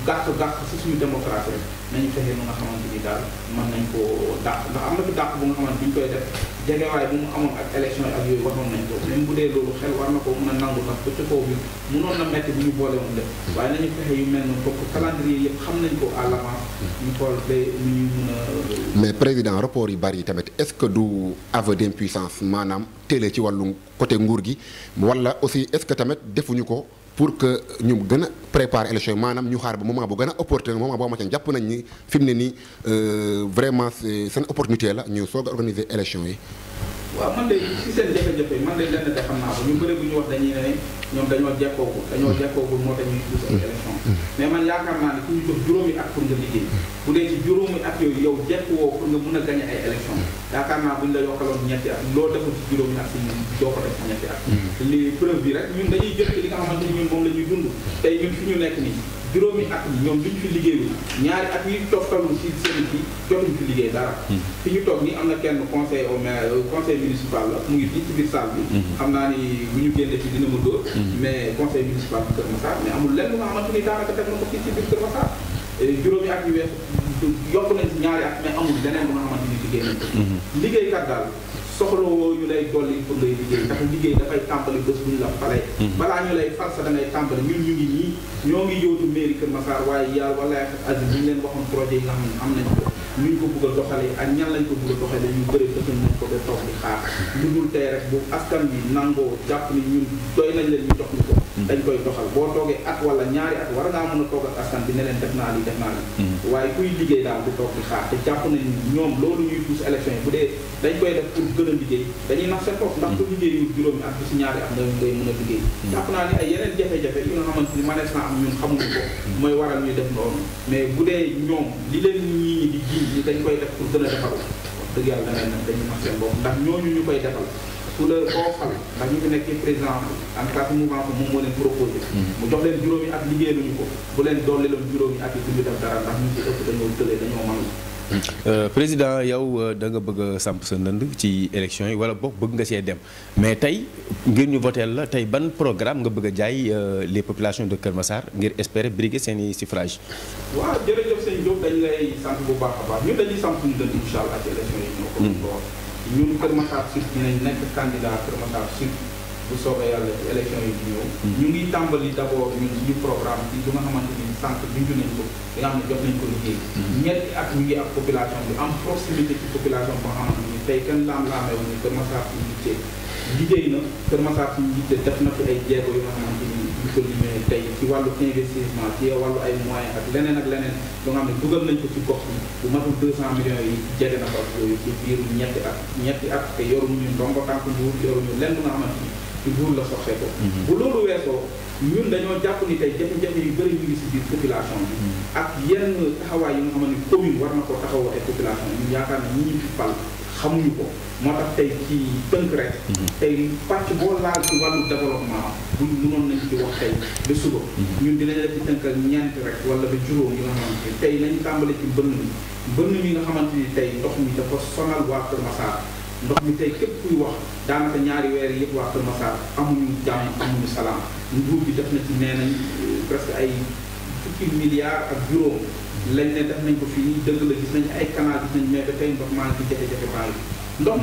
gàkk-gàkk si suñu démocratie rek. nañu fexe ba nga xamante ni daal mën nañ koo dàq ndax am na fi dàq bu nga xamante ni ñu koy def jegewaay bu mu amoon ak élection ak yooyu waxoon nañ ko même bu dee loolu xel war na ko mën a nangu ndax ko ci kaw bi mënoon na métti bu ñu boole woon def waaye nañu fexe yu mel noonu kooku calendrier yëpp xam nañ ko à l'avance ñu xool ba ñu mën a. mais président rapport yu bari yi tamit est-ce que du aveu d'impuissance maanaam télé ci wàllu côté nguur gi wala aussi est-ce que tamit defuñu ko. pour que ñu gën a préparer élection yi maanaam ñu xaar ba moment bu gën a opportun moment boo xamante ne jàpp nañ ni fi mu ne nii euh, vraiment seen opportunité la ñu soog a organiser élection yi waaw man lay si seen jafe-jafe man lay lenn de xam naa ko ñu bëri bu ñu wax dañuy ne ñoom dañoo jekkoogul dañoo jekkoogul moo tax ñuy pousse ay mm-hmm. mais man yaakaar naa ne ku ñu jox juróomi at pour nga liggéey bu dee ci juróomi at yooyu yow jekkoo pour nga mun a gañe ay élection mm-hmm. yaakaar naa bu ñu la yokkaloon ñetti at loo deful ci juróomi at yi doo ko def ci ñetti at mm-hmm. li preuve bi rek ñun dañuy jël ci li nga xamante ni ñun moom la ñuy dund tey ñun ñu nekk nii juróomi at ñoom ñu fi liggéeyul ñaari at yi toftalu ci seen bi jotuñ fi liggéey dara hmm. fi ñu toog nii am na kenn conseil au maire euh, conseil municipal la mu ngi fii ci biir salle bi hmm. xam naa ni bu ñu génne ci dina ma dóor hmm. mais conseil municipal bu Kër Massar mais amul lenn nga xamante ni daanaka teg na ko fii ci biir Kër Massar juróomi at yu wees yokk nañ ci ñaari at mais amul leneen bu nga xamante ni liggéey nañ ko liggéeykat daal soxlawoo ñu lay dolli pour ngay liggéey ndax liggéey dafay tàmbali bés bu la falee mhm. balaa ñu lay fal sax da ngay tàmbali ñun ñu ngi nii ñoo ngi yóotu mairie Kër Massar waaye yàlla walaay ak Aziz ñu leen waxoon projet am nañ ko ñu ko bëgg a doxalee ak ñan lañ ko bëgg a doxalee ñu bëri dëkk nañ ko ba toog di xaar lu dul tey rek bu askan bi nangoo jàpp ni ñun doy nañ leen ñu jox ñu ko Mm-hmm. dañ koy doxal boo toogee at wala ñaari at war ngaa mën a toog ak askan bi ne leen def naa lii def naa lii mm-hmm. waaye kuy liggéey daal du toog di xaar te jàpp nañ ñoom loolu ñuy pousse bu dee dañ koy def pour gën liggéey dañuy nax seen bopp ndax ku mm-hmm. liggéeyu juróomi at bi ngay mën a liggéey jàpp naa ni ay yeneen jafe-jafe yi nga xamante ni manees naa am ñun xamuñu ko mooy waral ñuy def noonu mais bu dee ñoom li leen ñii ñi di jiiñ ñi dañ koy def pour gën a defal wax dëgg yàlla dañ dañuy nax seen ndax ñooñu ñu koy defal couleur boo xamee ndax ñu nekkee président en tant mouvement ko moom moo leen proposé mm-hmm. mu jox leen juróomi at liggéey nañu ko bu leen dolli loon juróomi at yi duñu def dara ndax ñu ci ëpp dañoo tëlee dañoo mënul euh, président yow euh, da nga bëgg samp sa ndënd ci élection yi wala bokk bëgg nga see dem mais tey ngir ñu voteel la tey ban programme nga bëgg a jaay euh, les population de Kër Massar ngir espérer briguer seen i suffrage waaw jërëjëf sëñ Diop dañ lay ñun Kër Massar Sud dinañ nekk candidat Kër Massar Sud bu soobee yàlla ci yi di hmm. ñu ngi tàmbali d' abord ñun suñu programme bi li nga xamante ni sànq bindu nañ ko li nga xam ne jox nañ ko liggéey. Hmm. ñetti at ñu ngi ak population bi am proximité ci population boo xamante ni tey kenn laam-laamee wu ñu Kër Massar Sud liggéey liggéey na Kër Massar Sud liggéey def na fi ay jéego yu nga xamante ni. ñu ko limee tey ci wàllu investissement ci wàllu ay moyens ak leneen ak leneen lu nga xam ne dugal nañ ko ci gox bi bu matul 200 millions yi jege na ko ci biir ñetti at ñetti at te yoruñu ndongo tànk nguur yoruñu lenn lu nga xamante ni ci nguur la soxee ko mhm. bu loolu weesoo ñun dañoo jàpp ni tey jafe-jafe yu bëri ñu si biir population bi mhm. ak yenn taxawaay yi nga xamante ni commune war na koo taxawoo ay population ñun yaakaar na ñi ñu fi xamuñu ko moo tax tey ci tënk rek. Mhm. tey pàcc boo laal ci wàllu développement bu mënoon nañ ci wax tey ba suba. Mhm. ñun dinañ la ci tënkal ñeent rek wala ba juróom yi nga xamante ni tey nañu tàmbale ci mbënn mi mbënn mi nga xamante ni tey ndox mi dafa sonal waa Kër Massar ndox mi tey képp kuy wax daanaka ñaari weer yëpp waa Kër Massar amuñu jàmm amuñu salaam nguur bi def na ci nee nañ euh, presque ay fukki milliards ak juróom. lañ ne def nañ ko fii dëgg la gis nañ ay canal gis nañ mais dafay ndox maa ngi ci jafe-jafe bàyyi ndox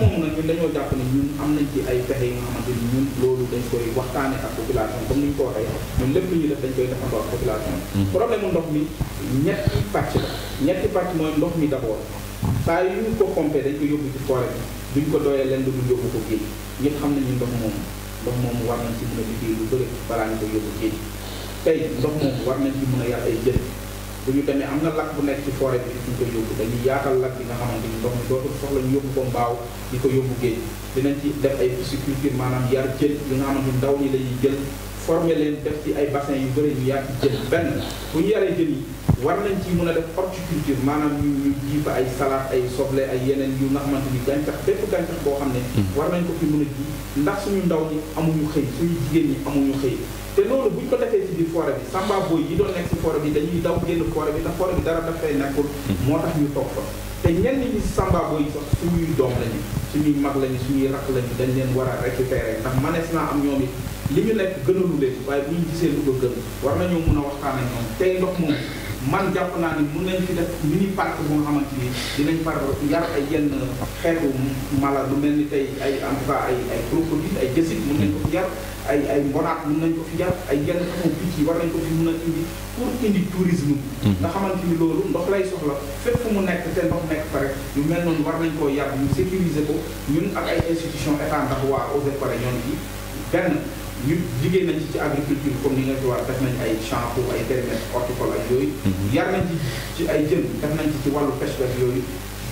dañoo jàpp ne ñun am nañ ay pexe yi nga loolu dañ koy waxtaanee ak population comme ni ñu ko waxee ñun lépp lu ñuy def dañ koy defandoo ak population hmm. problème mu ndox mi ñetti ndox mi d'abord saa yu ñu ko pompé dañ ko yóbbu ci forêt bi duñ ko doyee leen lu dul yóbbu ko ñëpp xam nañu ndox moomu ndox moomu war nañ ci mën a liggéey lu bëri balaa ñu ko yóbbu géej tey ndox moomu war nañ ci mën a yar ay jën bu ñu demee am na lakk bu nekk ci forêt bi ñu koy yóbbu dañuy yaatal lakk bi nga xamante ni ndox mi dootul soxla ñu yóbbu ko mbaaw di ko yóbbu géej dinañ ci def ay pisciculture maanaam yar jën yi nga xamante ni ndaw ñi lañuy jël leen def ci ay bassin yu bëri ñu yar ci jën benn war nañ ci mën a def horticulture maanaam ñu ñu ay salaat ay soble ay yeneen yu nga xamante ni gàncax bépp gàncax boo xam ne hmm. war nañ ko fi mën a ji ndax suñu ndaw ñi amuñu xëy suñu jigéen ñi amuñu xëy te loolu bu ñu ko defee ci biir forêt bi samba boy yi doon nekk si forêt bi dañuy daw génn forêt bi ndax forêt bi dara dafay nekkul. Mhm. moo tax ñu toog fa te ñenn ñi samba boy yi sax suñuy doom lañu suñuy mag lañu suñuy rakk lañu dañ leen war a récupérer ndax manees naa am ñoom yi li ñu nekk gënalu leen waaye bu ñu gisee lu ko gën war nañoo mun a waxtaan ak ñoom tey ndox moom. man jàpp naa ni mun nañ fi def mini parc bu nga xamante ni dinañ par yar ay yenn xeetu mala lu mel ni tey ay en tout cas ay ay crocodile nañ ko fi ay ay mbonaat mun nañ ay yenn war nañ ko fi mun a indi pour indi tourisme mhm. nga xamante ni loolu ndox lay soxla fépp fu mu nekk te ndox nekk pare yu mel noonu war nañ koo yar ñu sécuriser ko ñun ak ay institution état ndax waa eaux et forêts ñoom yi benn ñu liggéey nañ ci ci agriculture comme ni nga ci war def nañ ay champs pour ay périmètres horticole ak yooyu. Mhm. yar nañ ci ci ay jën def nañ ci ci wàllu pêche yooyu.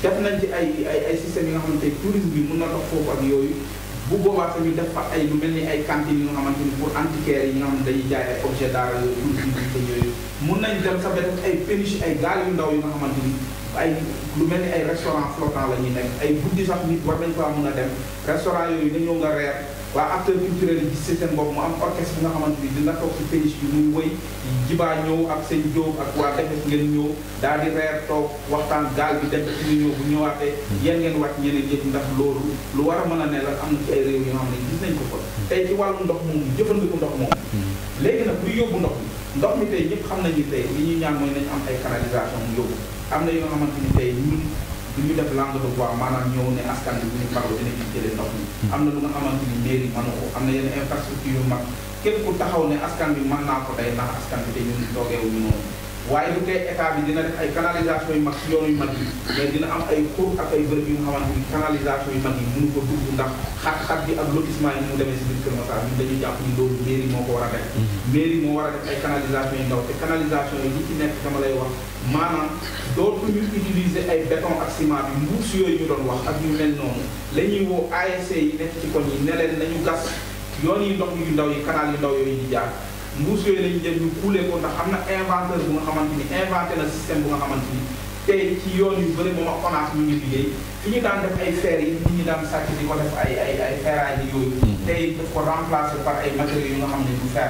def nañ ci ay ay ay systèmes yi nga xamante ni tourisme bi mën na dox foofu ak yooyu bu boobaa tamit def fa ay lu mel ni ay cantines yi nga xamante ni pour antiquaires yi nga xam ne dañuy jaay ay objet d'art yooyu mun nañ dem sa benn ay péniche ay gaal yu ndaw yi nga xamante ni. ay lu mel ni ay restaurant flottant la ñuy nekk ay guddi sax nit war nañ faa mën a dem restaurant yooyu na ñëw nga reer waa acteur culturel yi gis seen bopp mu am orchestre bi nga xamante ni dina toog si péniche bi muy wëy jibaa ñëw ak seen jóob ak waa defes ngeen ñëw daal di reer toog waxtaan gaal bi dem ci ñëw bu ñëwaatee yéen ngeen wàcc ñeneen yëpp ndax loolu lu war a mën a ne am na ci ay réew yoo xam ne gis nañ ko fa tey ci wàllu ndox moom jëfandiku ndox moom hmm. léegi nag buy yóbbu ndox mi ndox ñëpp xam nañu tey li ñuy ñaan am ay canalisation mu am na yoo xamante ni tey i du ñu def langue de bois maanaam ñëw ne askan bi bu ñu paroo dina ci jëlee ndox mi. Hmm. am na lu nga xamante ni mairie mënu ko am na yenn infrastructure yu mag képp ku taxaw ne askan bi mën naa ko day ndax askan bi te ñun toogeewuñu noonu. waaye du tey état bi dina def ay canalisation yu mag si yoon yu mag yi mais dina am ay xur ak ay bërëb yu nga xamante ni canalisation yu mag yi mënu ko dugg ndax xat-xat bi ak lotissement yi mu demee si biir Kër Massar ñun dañuy jàpp ni loolu mairie moo ko war a def mhm. mairie moo war a def ay canalisation yu ndaw te canalisation yi li ci nekk dama lay wax maanaam dootuñu utiliser ay béton ak ciment bi mbuus yooyu ñu doon wax ak ñu mel noonu la ñuy woo ASC yi nekk ci koñ yi ne leen nañu gas yoon yi ndox yu ndaw yi canal yu ndaw yooyu di mbuus yooyu lañu jël ñu ko ndax am na inventeur bu nga xamante ni inventé na système bu nga xamante ni tey ci yoon yu bëri moom ak ONAS ñu ngi liggéey fi ñu daan def ay fer yi nit ñi daan sàcc di ko def ay ay ay ferraille yooyu. Hmm. tey daf ko remplacé par ay matériaux yu nga xam ne du fer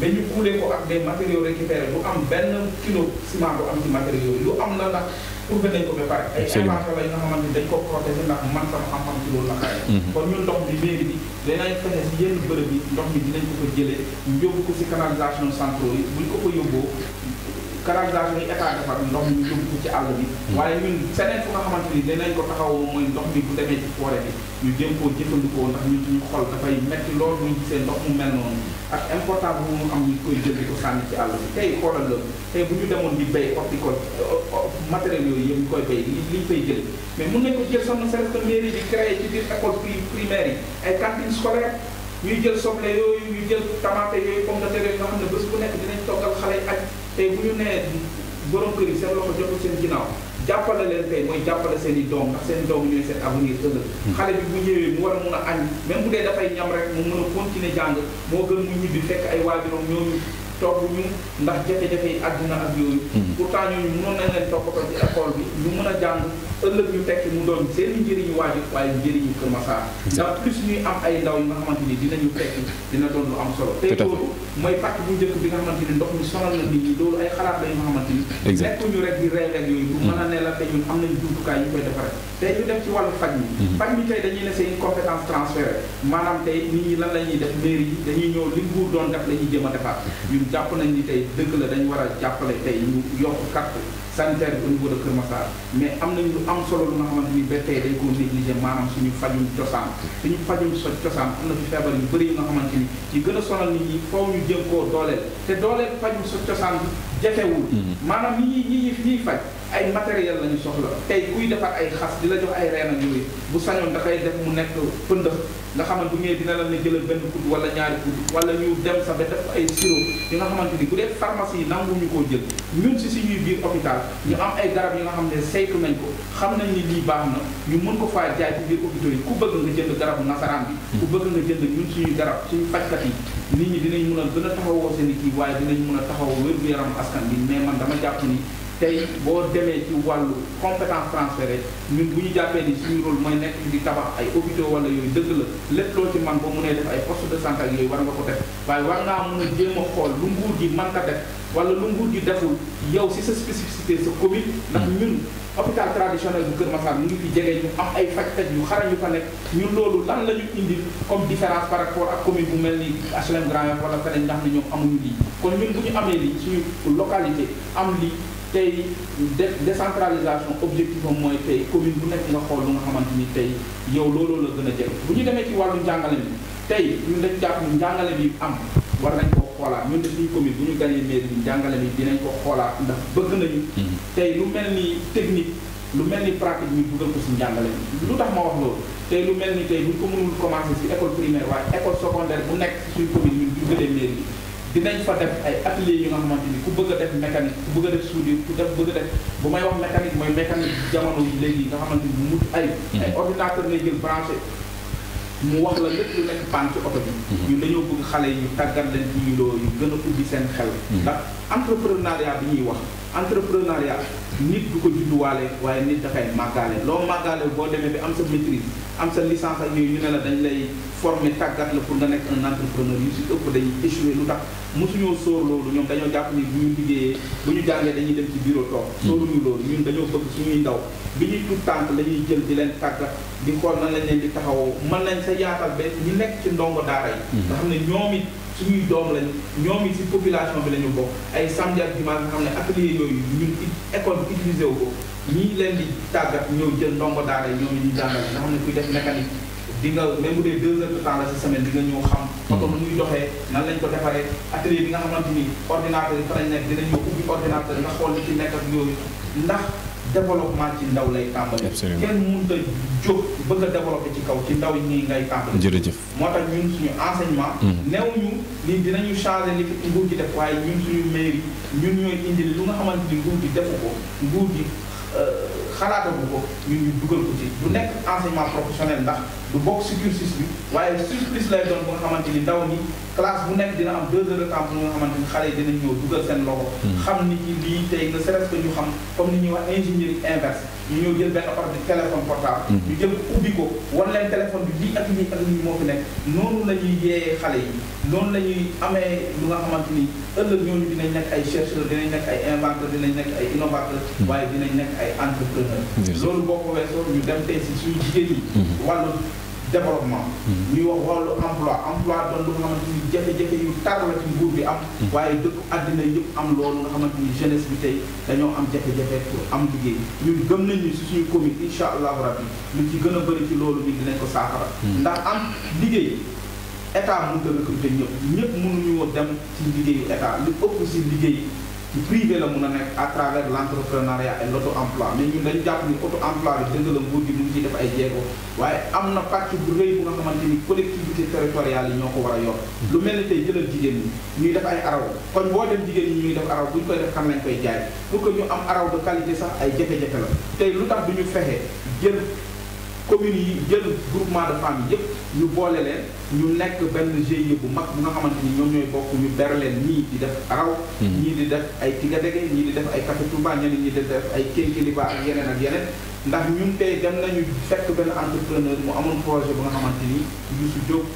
mais ñu ko ak des matériaux récupérés du am benn kilo ciment bu am ci matériaux yi lu am la ndax prouvé nañ ko ba pare. ay invention la yi nga xamante ni dañ ko protéger ndax man sama xam-xam ci loolu la mhm. kon ñun ndox mi léegi nii dinañ fexe si yenn bërëb yi ndox mi dinañ ko ko jëlee yóbbu ko si canalisation centraux yi buñ ko ko yóbboo. canalisation yi état defar ndox mi ñu yóbbu ko ci àll bi mm. waaye ñun feneen fu nga xamante dinañ ko taxawoo mooy ndox mi bu demee ci forêt bi ñu jéem koo jëfandikoo ndax ñun suñu xol dafay metti lool mel noonu ak importance bu mu am ñu koy jël di ko sànni ci àll bi tey xoolal la tey bu ñu demoon di béy horticole euh, euh, matériel yooyu yëpp ñu koy béy li liñ fay jël mais mun nañ ko jël sama service de mairie di créé ci biir école primaire yi ay cantines scolaires ñuy jël soble yooyu ñu jël tamaate yooyu pomme de xam ne bés bu nekk dinañ toggal xale tey bu ñu nee borom kër yi seen loxo jotul seen ginnaaw jàppale leen tey mooy jàppale seen i doom ndax seen doom ñooy seen avenir ëllëg hmm. xale bi bu ñëwee mu war a mun a añ même bu dee dafay ñam rek mu mun a continuer jàng moo gën mu ñibbi fekk ay waajuram ñooñu topp ñu ndax jafe-jafe yi àdduna ak yooyu hmm. pourtant ñooñu mënoon nañ leen toppatoo ci école bi ñu mën a jàng ëllëg ñu tekki mu doon seen i njëriñu waajur waaye njëriñu Kër Massar ndax plus ñuy am ay ndaw yi nga xamante ni dinañu tekki dina doon lu am solo te loolu mooy pàcc bu njëkk bi nga xamante ni ndox mi sonal na nit loolu ay xalaat la yu nga xamante ni nekkuñu rek di rey rek yooyu bu mën a mm. ne la te ñun am nañu jumtukaay yu koy defare tey ñu dem ci wàllu faj mi mm-hmm. faj mi tey dañuy ne c'est une compétence transférée maanaam tey nit ñi lan la ñuy def mairie yi dañuy ñëw li nguur doon def la ñuy jëm a defaat mm-hmm. ñun jàpp nañ ni tey dëgg la dañ war a jàppale tey ñu yokk sanitaire bi au niveau Kër Massar mais am nañu lu am solo lu nga xamante ni ba tey dañ koo négligé maanaam suñu fajum cosaan suñu fajum so cosaan am na fi feebar yu bëri yu nga xamante ni ci gën a sonal nit ñi foofu ñu jëm koo dooleel te dooleel fajum so cosaan bi jafewul mm-hmm. maanaam ni ñuy ñi fi ñuy faj ay matériel lañu soxla tey kuy defar ay xas di la jox ay reen ak yooyu bu sañoon dafay def mu nekk pëndëx nga xamante bu ñëwee dina la ne jëlal benn kudd wala ñaari wala ñu dem sa ba def ay sirop yi nga xamante ni bu dee pharmacie yi nanguñu koo jël ñun si suñuy biir hôpital ñu am ay garab yi nga xam ne seytu nañ ko xam nañ ni lii baax na ñu mën ko faa jaay ci biir hôpitaux yi ku bëgg nga jënd garabu nasaraan bi ku bëgg nga jënd ñun suñuy garab ci fajkat yi nit ñi dinañ mën a gën a taxawoo seen kii waaye dinañ mën a taxaw wér gu askan bi mais man dama jàpp ni tey boo demee ci wàllu compétence transférée ñun bu ñu jàppee ni suñu rôle mooy nekk di tabax ay hôpitaux wala yooyu dëgg la lépp loo ci man boo mu nee def ay poste de santé ak yooyu war nga ko def waaye war ngaa mën a jéem xool lu nguur gi man ka def wala lu nguur gi deful yow si sa spécificité sa commune ndax hmm. ñun hôpital traditionnel bu Kër Massar mu ngi fi jege ñu am ay fajkat yu xarañ yu fa nekk ñu loolu lan la ñu indi comme différence par rapport ak commune bu mel ni HLM Grand Yoff wala feneen nga xam lii kon ñun bu ñu amee lii suñu localité am lii tey décentralisation objectif am mooy tey commune bu nekk nga xool lu nga xamante ni tey yow looloo la gën a jël bu ñu demee ci wàllu njàngale bi tey ñun dañ jàpp ni njàngale bi am war nañ ko xoolaat ñun de commune bu ñu gagné mairie bi njàngale bi dinañ ko xoolaat ndax bëgg nañu mhm. tey lu mel ni technique lu mel ni pratique ñu dugal ko si njàngale bi lu tax ma wax loolu tey lu mel ni tey bu ñu ko mënul commencé si école primaire waaye école secondaire bu nekk si suñu commune ñun bu ñu gënee mairie dinañ fa def ay atelier yu nga xamante ni ku bëgg a def mécanique ku bëgg a def soudure ku def bëgg a def bu may wax mécanique mooy mécanique jamono yi léegi nga xamante ni mu ay mhm. ay ordinateur ngay jël branché mu wax la lépp lu nekk panne ci oto bi mhm. ñun dañoo bëgg xale yi ñu tàggat leen ci ñu loo yu gën a ubbi seen xel mhm. ndax entrepreneuriat bi ñuy wax entrepreneuriat nit du ko judduwaale waaye nit dafay màggaale loo màggaale boo demee bi am sa maîtrise am sa licence ak yooyu ñu ne la dañ lay former tàggat la pour nga nekk un entrepreneur yu si ëpp dañuy échoué lu tax mosuñoo sóor loolu ñoom dañoo jàpp ni bu ñu liggéeyee bu ñu jàngee dañuy dem ci bureau toog hmm. sóoruñu loolu ñun dañoo bëgg suñuy ndaw bi ñuy tout tànk la ñuy jël di leen tàggat di xool nan lañ leen di taxawoo mën nañ sa yaatal ba ñu nekk ci ndongo daara yi hmm. nga xam ne ñoom it suñuy doom lañ ñoom yi si population bi la ñu bokk ay samedi ak dimanche nga xam ne atelier yooyu ñun école bi wu ko ñii leen di tàggat ñëw jël ndongo daara ñoom yi ñuy jàngal nga xam ne kuy def mécanique di nga même bu dee deux heures de temps la si semaine di nga ñëw xam hmm. oto nu muy doxee nan lañ ko defaree atelier bi nga xamante ni ordinateur yi fa lañ nekk dinañ ñëw ubbi ordinateur nga xool li ci nekk ak yooyu ndax développement ci ndaw lay tàmbali. kenn mënut a jóg bëgg a ci kaw ci ndaw ñi ngay tàmbali. jërëjëf moo tax ñun suñu enseignement. Mhm. néew ñu ni dinañu changer li fi nguur gi def waaye ñun suñu mairie ñun ñooy indi lu nga xamante ni nguur gi def ko nguur gi euh, xalaatagu ko ñun ñu dugal ko ci. du nekk enseignement professionnel ndax. du bokk si cursus bi waaye surplus lay doon ba nga xamante ni ndaw ñi classe bu nekk dina am deux heures temps bu nga xamante ni xale yi dinañ ñëw dugal seen loxo. Hmm. xam ni ki lii tey ne serait comme ni ñuy wax ingénierie inverse ñu ñëw jël benn ordi téléphone portable. Hmm. ñu jël ubbi ko wan leen téléphone bi lii ak lii ak lii moo fi nekk noonu la ñuy xale yi noonu la ñuy amee lu nga xamante ni ëllëg ñooñu dinañ nekk ay chercheurs dinañ nekk ay inventeurs dinañ nekk ay innovateurs. Hmm. waaye dinañ nekk ay entrepreneurs. loolu boo ko weesoo ñu dem tey si développement. ñuy wax wàllu emploi emploi doon lu xamante ni jafe-jafe yu tar la ci nguur bi am. Mm. waaye dëkk àddina yëpp am loolu nga xamante ni jeunesse bi tey dañoo am jafe-jafe pour am liggéey ñun gëm nañu si suñu commune incha allahu rabbi lu ci gën a bëri ci loolu ñu dinañ ko saafara. Mm. ndax am liggéey. état mënut a recruter ñëpp ñëpp mënuñu dem ci liggéeyu état lu ëpp si liggéey. ci privé la mun a nekk à travers l' entrepreneuriat et l' auto emploi mais ñun dañu jàpp ni auto emploi bi dëgg la nguur gi mu ngi ciy ay jéego waaye am na pàcc bu rëy bu nga xamante ni collectivité territoriale yi ñoo ko war a yor. lu mel ni tey jëlal jigéen ñi ñuy def ay araw kon boo dem jigéen ñi ñuy def araw bu ñu koy def kan lañ koy jaay pour ñu am araw de qualité sax ay jafe-jafe la tey lu tax du ñu fexe jël. communes yi jël groupement de femmes yëpp ñu boole leen ñu nekk benn GIE bu mag bu nga xamante ni ñoom ñooy bokk ñu ber leen ñii di def araw hmm. ñii di def ay tigadege ñii di def ay café touba ñeneen ñi di def ay kénkiliba ak yeneen ak yeneen ndax ñun tey dem nañu fekk benn entrepreneur mu amoon projet bu nga xamante ni Youssou Diop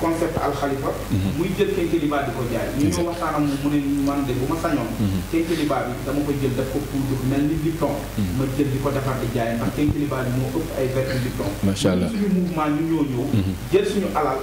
concept Al Khalifa. Mhm. muy jël kénkeliba di ko jaay. ñu ñëw waxtaan ak moom mu ne man de bu ma sañoon. Mhm. kénkeliba bi dama ko jël def ko poudre mel ni Lipton. Mhm. ma jël di ko defar di jaay ndax kénkeliba bi moo ëpp ay vertu Lipton. macha allah suñu mouvement ñu ñoo ñëw. jël suñu alal.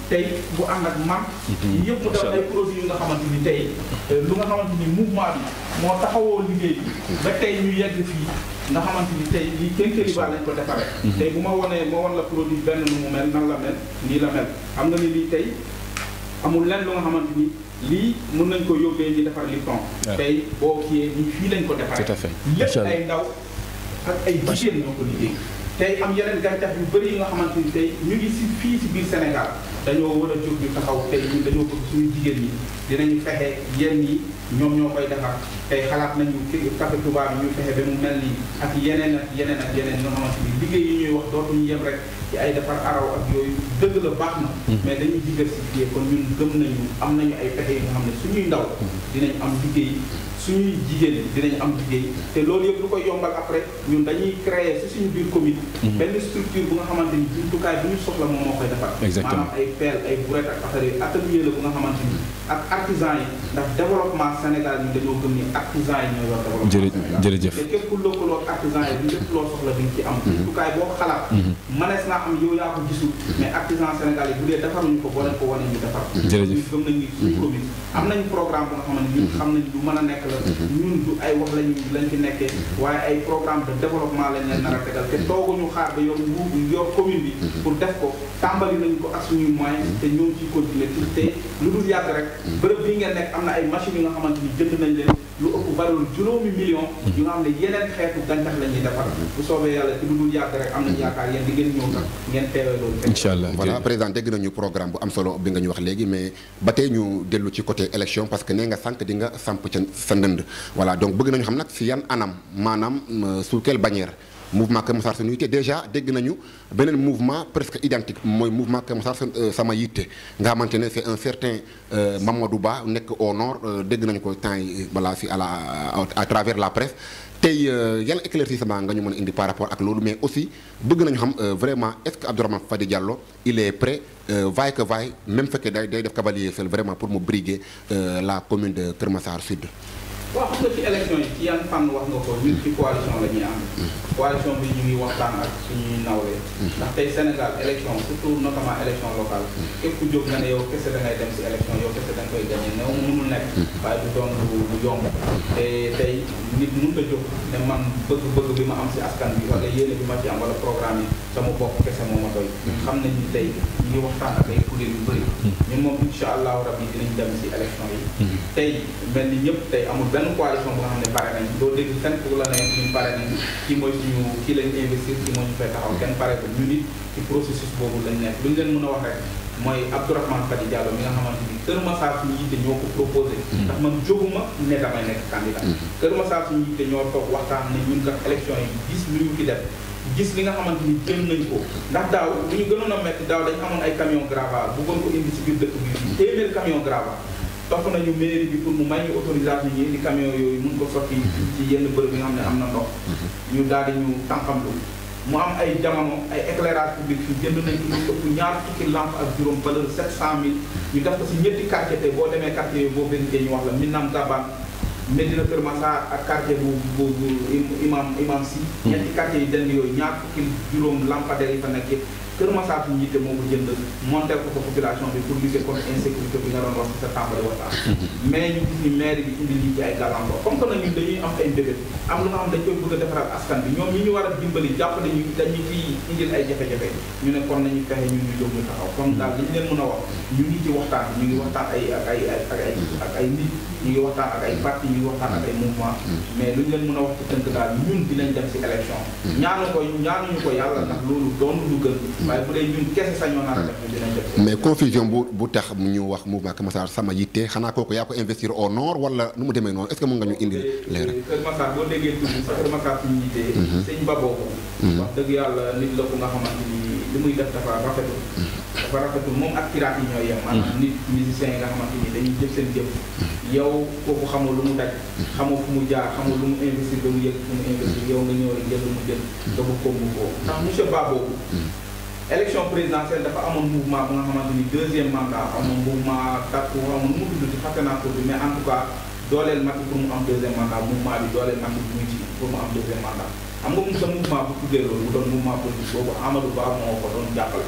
tey bu ànd ak man mhm. yëpp dafa ay produits yu nga xamante ni tey euh, lu nga xamante ni mouvement bi moo taxawoo liggéey mhm. ba tey ñu yegg fii nga xamante ni tey lii Kenkeliba lañ ko defaree mhm. tey bu ma wanee ma wan la produit benn nu mu mel nan la mel nii la mel am nga ni lii tey amul lenn lu nga xamante ni lii mën nañ ko yóbbee ñu defar Lipton tey boo kiyee ñi fii lañ ko defaree lépp ay ndaw ak ay jigéen ñoo ko liggéey tey am yeneen gàncax yu bëri yi nga xamante ni tey ñu ngi si fii si biir Sénégal dañoo war a jóg ñu taxaw tey ñun dañoo bëgg suñu jigéen ñi dinañu fexe yenn yi ñoom ñoo koy defar tey xalaat nañu café Touba bi ñu fexe ba mu mel nii ak yeneen ak yeneen ak yeneen yi nga xamante liggéey yi ñuy wax dootuñu yem rek ci ay defar araw ak yooyu dëgg la baax na hmm. mais dañuy diversifier kon ñun gëm nañu am nañu ay fexe yi nga xam ne suñuy ndaw dinañ am liggéey suñuy jigéen ñi dinañ am liggéey te loolu yëpp lu koy yombal après ñun dañuy créer si suñu biir commune. Mhm. benn structure bu nga xamante ni jumtukaay bu ñu soxla moom moo koy defar. exactement maanaam ay peel ay buret la bu nga xamante ni ak artisan yi ndax développement Sénégal ñu dañoo gëm ni artisan yi ñooy war développement Sénégal jërëjëf te képp ku loo soxla bi nga ci am mhm. jumtukaay boo xalaat mhm. mënees naa am yow yaa ko gisul mais artisan Sénégal yi bu dee defaruñu ko boo ko wane ñu defar jërëjëf ñu gëm nañ suñu commune am nañ programme bu nga xamante ni lu mën a nekk la ñun du ay wax lañu fi nekkee mhm. waaye ay programme de développement lañ leen nar a tegal te tooguñu xaar ba yor nguur yor commune bi mhm. pour def ko tàmbali nañ ko ak suñuy moyens mhm. te ñoo ngi ciy continuer te lu dul yàgg rek bërëb juróomi million yu nga xam ne yeneen xeetu gàncax la defar bu soobee yàlla ci lu dul yàgg rek am nañ yaakaar yéen di ngeen ñëw tax ngeen teewee loolu incha voilà président dégg nañu programme bu am solo bi nga ñu wax léegi mais ba ñu dellu ci côté élection parce que nee nga sànq di nga samp voilà donc bëgg nañu xam nak ci yan anam manam euh, sur quelle bannière mouvement Kër Massar Sama Yitte déjà dégg nañu benen mouvement presque identique moy mouvement Kër Massar euh, Sama yité nga mantene c'est un certain euh, Mamadou Ba au nord dégg nañ ko temps voilà à la à travers la presse tey yan éclaircissement nga ñu mën indi par rapport ak lolu mais aussi bëgg nañu xam vraiment est-ce que Abdourahmane Fadi Diallo il est prêt vaille que vaille même fait que day def cavalier seul vraiment pour me briguer la commune de Kermansar Sud. waaw xam nga ci élection yi ci yan fànn wax nga ko ñun ci coalition la am mm-hmm. coalition bi ñu ngi waxtaan ak suñuy nawle mm-hmm. ndax tey Sénégal élection surtout notamment élection locale mm-hmm. képp ku jóg nga ne yow kese da dem si élection yow kese da nga koy gagné new mënul nekk waaye du doon lu yomb te tey nit mënut a jóg ne man bëgg-bëgg bi ma am si askan bi wala yéene bi ma ci am wala programme yi sama bopp kese moo ma doy xam nañ ni tey ñu ngi waxtaan ak ay yu bëri ñun moom incha allahu si élection yi tey benn coalition bu a xam ne pare nañ doo dégg fenn pour la ne ñu pare nañ kii mooy suñu lañ investir kii ñu fay taxaw ko ñu nit ci processus boobu lañ nekk lu ñu leen mën a wax rek mooy Abdourahmane Fadi Diallo mi nga xamante ni Kër Massar suñu yitte ñoo ko proposé mm-hmm. ndax man jóguma ne damay nekk candidat mm-hmm. Kër Massar suñu yitte ñoo toog waxtaan ne ñun kat élection yi gis lu ñu nga xamante ni jëm nañ ko ndax daaw lu ñu gënoon a métti daaw dañ amoon ay camion gravats bëggoon ko indi si biir dëkk bi mm-hmm. téeméer camion gravats topp nañu mairie bi pour mu may ñu autorisation ñi di camion yooyu mun ko sotti ci yenn bërëb yi nga xam ne am na ndox mhm. ñu daal di ñu tànqamlu mu am ay jamono ay éclairage public yu jënd nañ ci ëpp ñaar fukki lampe ak juróom valeur 700000 ñu def ko si ñetti quartier te boo demee quartier yooyu boo vérité ñu wax la Minam Gaban Medina Kër Massar ak quartier bu bu bu imam imam si mhm. ñetti quartier yi dend yooyu ñaar fukki juróom lampadaire yi fa nekk Kër Massar suñu de monter ko population pour lutter insécurité bi wax mais ñu gis maire bi indi ay comme dañuy am ay am nga dañ a de bi ñoom ñi ñu de de ay ñu de kon ñu de taxaw ñu leen wax ñu ngi ci ñu ngi de ay ay ay ay ñu ak ay parti ay mouvement mm. mais waaye bu dee ñun kese sañoo naan def dinañ def mais confusion bu bu tax ñu wax mouvement Kër Massar sama yitte xanaa kooku yaa ko wala nu mu demee noonu est-ce que mhm. mhm. yàlla nit la mhm. yow lu mu daj xamoo nga ñëw rek jël lu mu jël nga bëgg mu koo ndax monsieur Baboo élection présidentielle dafa amoon mouvement bu nga xamante ni deuxième mandat amoon mouvement takku amoon nu mu tudd ci fàtte naa ko bi mais en tout cas dooleel Macky pour mu am deuxième mandat mouvement bi dooleel Macky bu ñu ci pour mu am deuxième mandat xam nga mu sa mouvement bu tuddee loolu bu doon mouvement politique boobu Amadou Ba moo ko doon jàppale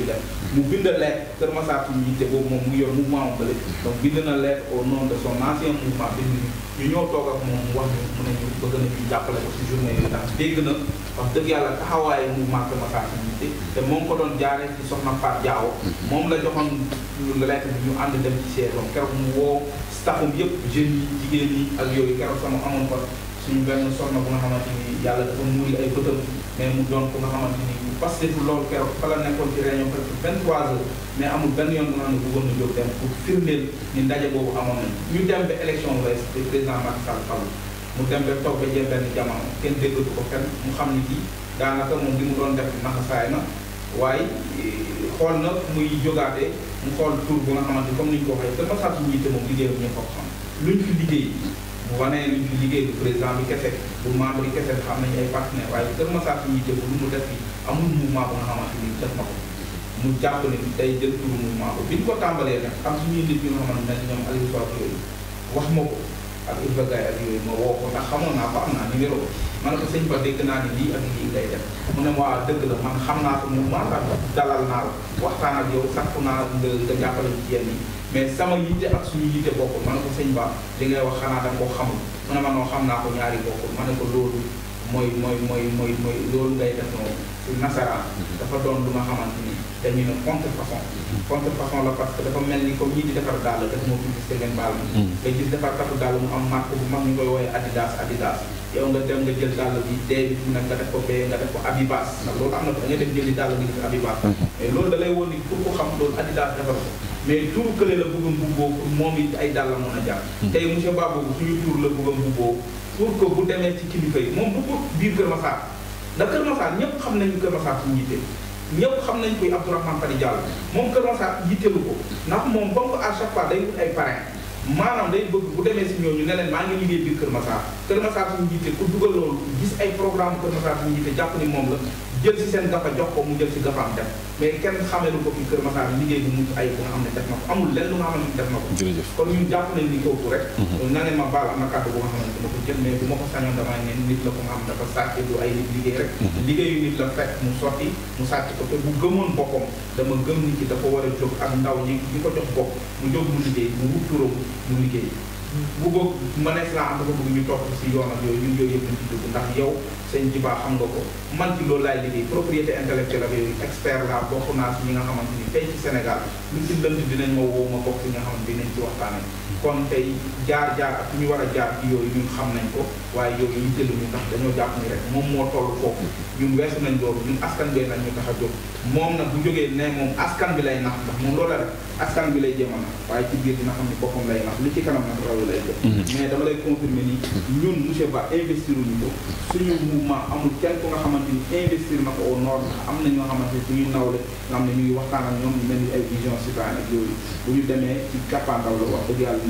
ci def mu bind lettre Kër Massar suñu yitte boobu moom mu yor mouvement bële donc bind na lettre au nom de son ancien mouvement benn ñu ñëw toog ak moom mu wax ñu mu ne ñu bëgg na ñu jàppale ko si journée yi ndax dégg na wax dëgg yàlla taxawaayu mouvement Kër Massar suñu yitte te moom ko doon jaaree ci soxna Fatou Diawo moom la joxoon lettre bi ñu ànd dem ci seetom keroog mu woo staffam yëpp jeunes yi jigéen yi ak yooyu keroog sama amoon fa suñu benn soxna bu nga xamante ni yàlla dafa muuri ay bëtam mais mu doon ko nga xamante ni passé pour loolu keroog fa la nekkoon ci réunion presque 23 heures mais amul benn yoon bu naan bëggoon na dem pour firmel ni ndaje boobu amoon ni ñu dem ba élection ouest de président Macky Sall falu mu dem ba toog ba jël benn jamono kenn déggatu ko kenn mu xam ni kii daanaka moom li mu doon def naxasaay na way eh, xol na muy jógaate mu xol tour bu nga xamante comme ni ko waxee dama xaatu ñuy te moom liggéeyam ñu ko xam luñ fi liggéey bu wanee lu ñu liggéey du président bi kese bu membre yi kese xam nañu ay partenaires waaye Kër Massar fi ñuy jëm lu mu def fii amul mouvement bu nga xamante ni def na ko mu jàpp ne day jël turu mouvement ko bi ñu ko tàmbalee nag am suñuy nit ñu nga xamante ne ñoom Aliou Sow yooyu wax ma ko ak Ibra Gaye ak ma woo ko ndax xamoon naa ko am naa man ma ne ko ba dégg naa ni lii ak lii ngay mu ne ma dëgg man xam naa ko mu maanaam dalal naa la waxtaan ak yow sàkku naa nga nga jàppale ci yenn mais sama yitte ak suñu yitte bokkul ma ne ko sëñ ba li ngay wax xanaa da nga koo xamul mu ne ma noo xam naa ko ñaari bokkul ma ne ko loolu mooy mooy mooy mooy mooy loolu ngay def noonu ci nasaraan dafa doon lu nga xamante ni dañu ne contrefaçon contrefaçon la parce que dafa mel ni comme ñii di defar dàll def moo publicité ngeen baal ma mm. nga gis defar katu dàll mu am marque bu mag ñu koy woowee adidas adidas yow nga dem nga jël dàll bi dee bi nag nga def ko bee nga def ko abibas ndax loolu am na da nga dem bi abibas mm-hmm. mais loolu da lay woon ni ko xam loolu adidas defar ko mais tur kële la bëggam bu boobu ay dàll mën a jàpp mm. tey monsieur Babou suñu tur la bëggam bu pour que bu demee ci kilifa yi moom du pour biir Kër Massar ndax Kër Massar ñëpp xam nañu Kër Massar ci yitte ñëpp xam nañ koy Abdourahmane Fadi Diallo moom Kër Massar yitteelu ko ndax moom ba mu ko à chaque fois day wut ay parrain maanaam day bëgg bu demee si ñooñu ne leen maa ngi liggéey biir Kër Massar Kër Massar suñu yitte ku dugal loolu gis ay programme Kër Massar suñu yitte jàpp ni moom la jël si seen gafa jox ko mu jël si gafaam dem mais kenn xamee ko fi Kër Massar liggéey bu mucc ayib bu nga xam ne def na ko amul lenn lu nga xamante ni def na ko rek na ngeen am na kàddu bu nga xamante ni ko jël mais bu ma ko sañoon damay ne nit la ko nga xam dafa sàcc du ay liggéey rek mhm. liggéeyu nit la fekk mu sotti mu sàcc ko te bu gëmoon boppam dama gëm nit ki dafa war a jóg ak ndaw ñi ñi ko jox bopp mu jóg mu liggéey mu wut turam mu liggéey bëggoog mënees naa am dafa bëgg ñu topp si yoon ak yooyu ñun yooyu yëpp dañ ci dugg ndax yow sëñ jibaa xam nga ko man ci loolu laay liggéey propriété intellectuelle ak yooyu expert la bokk naa si ñi nga xamante ni tey ci Sénégal lu ci lënt dinañ ma woo ma bokk si nga xamante ni dinañ ci waxtaanee kon tey jaar-jaar ak ñu war a jaar ci yooyu ñun xam nañ ko waaye yooyu ñu jël ñu tax dañoo jàpp ni rek moom moo toll foofu ñun weesu nañ loolu ñun askan bi lañ ñu tax a jóg moom nag bu jógee ne moom askan bi lay nax ndax moom loolu rek askan bi lay jéem a nax waaye ci biir dina xam ne boppam lay nax li ci kanam nag raw lay jëm mm-hmm. mais dama lay confirmer ni ñun monsieur Ba investir uñu ko suñu mouvement amul kenn ku nga xamante ni investir na ko au nord ndax am na ñoo xamante ni suñuy nawle nga xam ne ñu ngi waxtaan ak ñoom ñu mel ni ay vision citoyenne ak bu ñu demee ci cappaandaw la wax dëgg yàlla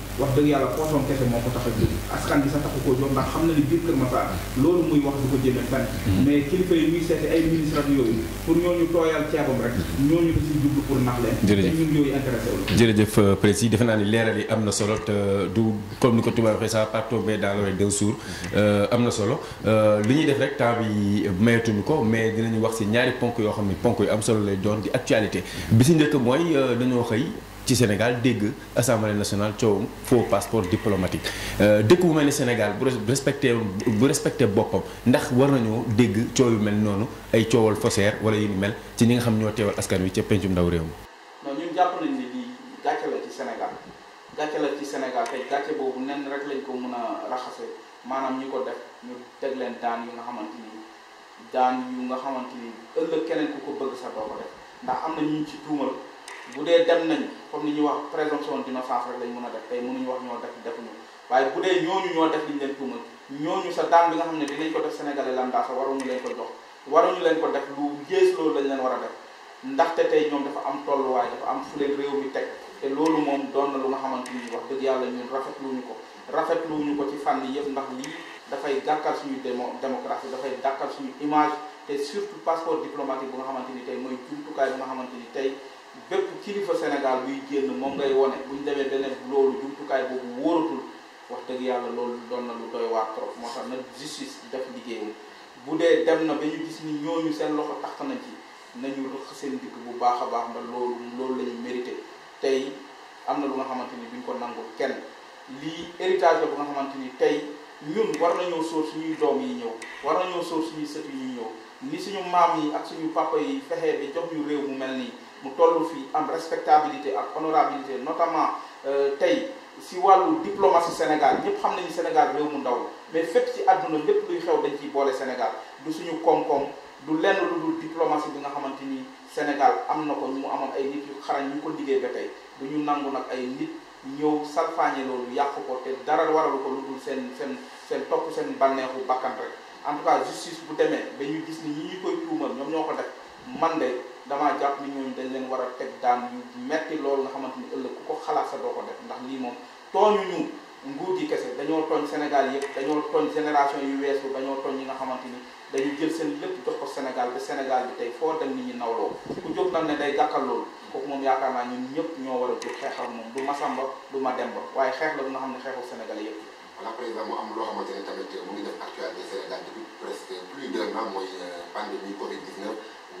wax deug yàlla poosam kese moo ko tax a jóg askan bi sa taxu koo jóg ndax xam na ni biir Kër Massar loolu muy wax du ko jëme fenn hmm. mais kilifa yi muy seeti ay ministres ak yooyu pour ñooñu tooyal ceebam rek ñooñu ko si jublu pour nax leen jërëjëf ñun yooyu intéressé wu jërëjëf euh, président defe naa ni leeral yi am na solo te euh, du comme ni ko tubaab waxee ça part tomber dans l'oreille d'un sourd euh, am na solo li ñuy def rek temps bi mayetuñu ko mais dinañu wax si ñaari ponk yoo xam ne ponk yu am solo lay doon di actualité bi si njëkk mooy dañoo xëy ci Sénégal dégg assemblée nationale coowam faux passeport diplomatique euh, dëkk bu mel ni Sénégal bu respecté bu respecté boppam ndax war nañoo dégg coow yu mel noonu ay coowal faussaire wala yu mel ci ñi nga xam ñoo teewal askan wi ca pencum ndaw réew mi. non ñun jàpp nañ ne lii gàcce la ci Sénégal gàcce la ci Sénégal tey gàcce boobu nen rek lañ ko mën a raxase maanaam ñi ko def ñu teg leen daan yu nga xamante ni daan yu nga xamante ni ëllëg keneen ku ko bëgg sax doo bu dee dem nañ comme ni ñuy wax présomption d'innocence rek lañ mën a def tey mënuñu wax ñoo def defuñu waaye bu dee ñooñu ñoo def liñ leen tuumal ñooñu sa daan bi nga xam ne dinañ ko def sénégalais lambda sa waruñu leen ko jox leen ko def lu gées loolu lañ leen war a def ndaxte tey ñoom dafa am tolluwaay dafa am fu leen réew mi teg te loolu moom doon na lu nga xamante ni wax dëgg yàlla ñu ñun ñu ko rafet rafetluñu ko ci fànn yëpp ndax lii dafay gàkkal suñu démo démocratie dafay gàkkal suñu image te surtout passeport diplomatique bu nga xamante ni tey mooy jumtukaay bu nga xamante ni tey kilifa Sénégal buy génn moom ngay wone bu ñu demee beneen loolu jumtukaay boobu wóoratul wax dëgg yàlla loolu doon na lu doy waar trop moo tax nag justice def liggéeyam bu dee dem na ba ñu gis ni ñooñu seen loxo tax na ji nañu rëq seen dikk bu baax a baax na loolu loolu la ñu tey am na lu nga xamante ni duñ ko nangu kenn lii héritage la bu nga xamante ni tey ñun war nañoo sóor suñuy doom yi ñëw war nañoo sóor suñuy sët yi ñuy ñëw ni suñu maam yi ak suñu papa yi fexee ba jox réew mu mel nii mu toll fii am respectabilité ak honorabilité notamment euh, tey si wàllu diplomatie Sénégal ñëpp xam nañu Sénégal réew mu ndaw mais fépp ci àdduna lépp luy xew dañ ciy boole Sénégal du suñu koom-koom du lenn lu bi nga xamante ni Sénégal am na ko mu amoon ay nit xarañ ñu ko liggéey ba tey du ñu nangu nag ay nit ñëw salfaañe loolu yàq ko te dara waralu ko lu dul seen seen seen topp seen bànneexu bakkan rek en tout cas justice bu demee dañu gis ni ñi ñu koy tuumal ñoom ñoo ko def man de. damaa jàpp ni ñooñu dañ leen war a teg daan yu metti loolu nga xamante ni ëllëg ku ko xalaat sa doo ko def ndax lii moom tooñuñu nguur gi kese dañoo tooñ Sénégal yëpp dañoo tooñ génération yu weesu dañoo tooñ yi nga xamante ni dañu jël seen lépp jox ko Sénégal ba Sénégal bi tey foo dem nit ñi nawloo ku jóg nag ne day gàkkal loolu kooku moom yaakaar naa ñun ñëpp ñoo war a jóg xeexal moom du ma samba du ma dem demba waaye xeex la bu nga xam ne xeexu Sénégal yëpp voilà président mu loo xamante ne tamit mu ngi def actualité Sénégal depuis presque plus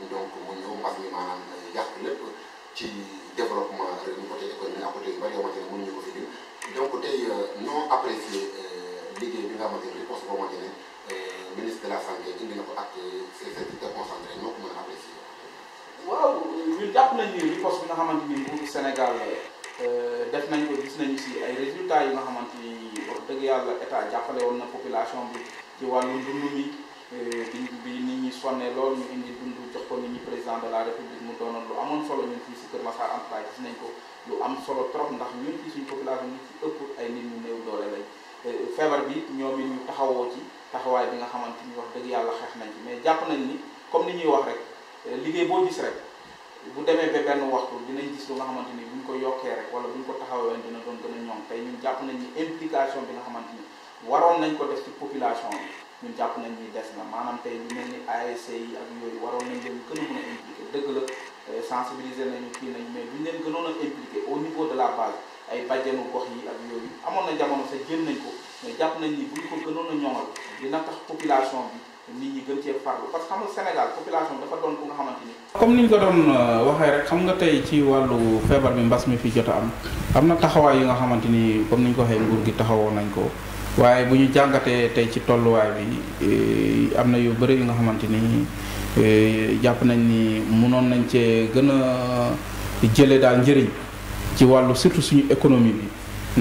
donc mu ñëw mbas mi maanaam yàq lépp ci développement rek ñu côté économie ak côté yu bëri yoo xamante ne mënuñu ko fi biir donc tey euh, ñoo apprécié euh, liggéey bi nga xamante ne riposte boo xamante ne euh, ministre de la santé indi na ko ak ses services concentrés ñoo ko mën a apprécié. waaw ñun jàpp nañ ni riposte bi nga xamante ni bu Sénégal def nañ ko gis nañu si ay résultats yi nga xamante ni wax dëgg yàlla état jàppale woon na population bi ci wàllu dund mi bi bi nit ñi sonne lool ñu indi dund. jox ko nit ñi président de la république mu doonoon lu amoon solo ñun fii si Kër Massar en tout cas nañ ko lu am solo trop ndax ñun ci suñu population ñu ci ëpp ay nit ñu néew doole lañ euh, feebar bi ñoom it ñu taxawoo ci taxawaay bi nga xamante ni wax dëgg yàlla xeex nañ mais jàpp nañ ni comme ni ñuy wax rek euh, liggéey boo gis rek bu demee be benn waxtu dinañ gis lu nga xamante ni buñ ko yokkee rek wala buñ ko taxawee dina doon gën a ñoom tey ñun jàpp nañ ni implication bi nga xamante ni waroon nañ ko def ci population bi ñun jàpp nañ ni des na maanaam tey mel ni ASC yi ak yooyu waroon nañ leen gën a a impliqué dëgg la euh, sensibiliser nañu kii nañ mais bu leen gënoon a impliqué au niveau de la base ay bàjjenu gox yi ak yooyu amoon na jamono sax jën nañ ko mais jàpp nañ ni buñ ko gënoon tax population bi nit ñi gën cee farlu parce que xam nga Sénégal population dafa doon ku nga xamante ni. comme niñ ko doon euh, waxee rek xam nga tey ci wàllu feebar bi mbas mi fi jot am am na taxawaay yi nga xamante ni comme ñu ko waxee nguur gi taxawoo nañ ko. waaye bu ñu jàngatee tey ci tolluwaay bi eh, am na yu bëri yu nga xamante ni eh, jàpp nañ ni mënoon nañ cee gën a jëlee daal njëriñ ci wàllu surtout suñu économie bi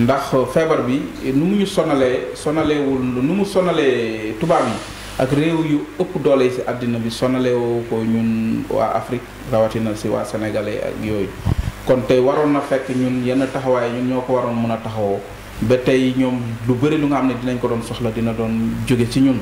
ndax feebar bi nu mu ñu sonalee sonalewul nu mu sonalee tubaab yi ak réew yu ëpp doole yi si àddina bi sonalewu ko ñun waa Afrique rawatina si waa sénégalais ak yooyu kon tey waroon na fekk ñun yenn taxawaay ñun ñoo ko waroon mën a taxawoo ba tey ñoom lu bëri lu nga xam ne dinañ ko doon soxla dina doon jóge ci ñun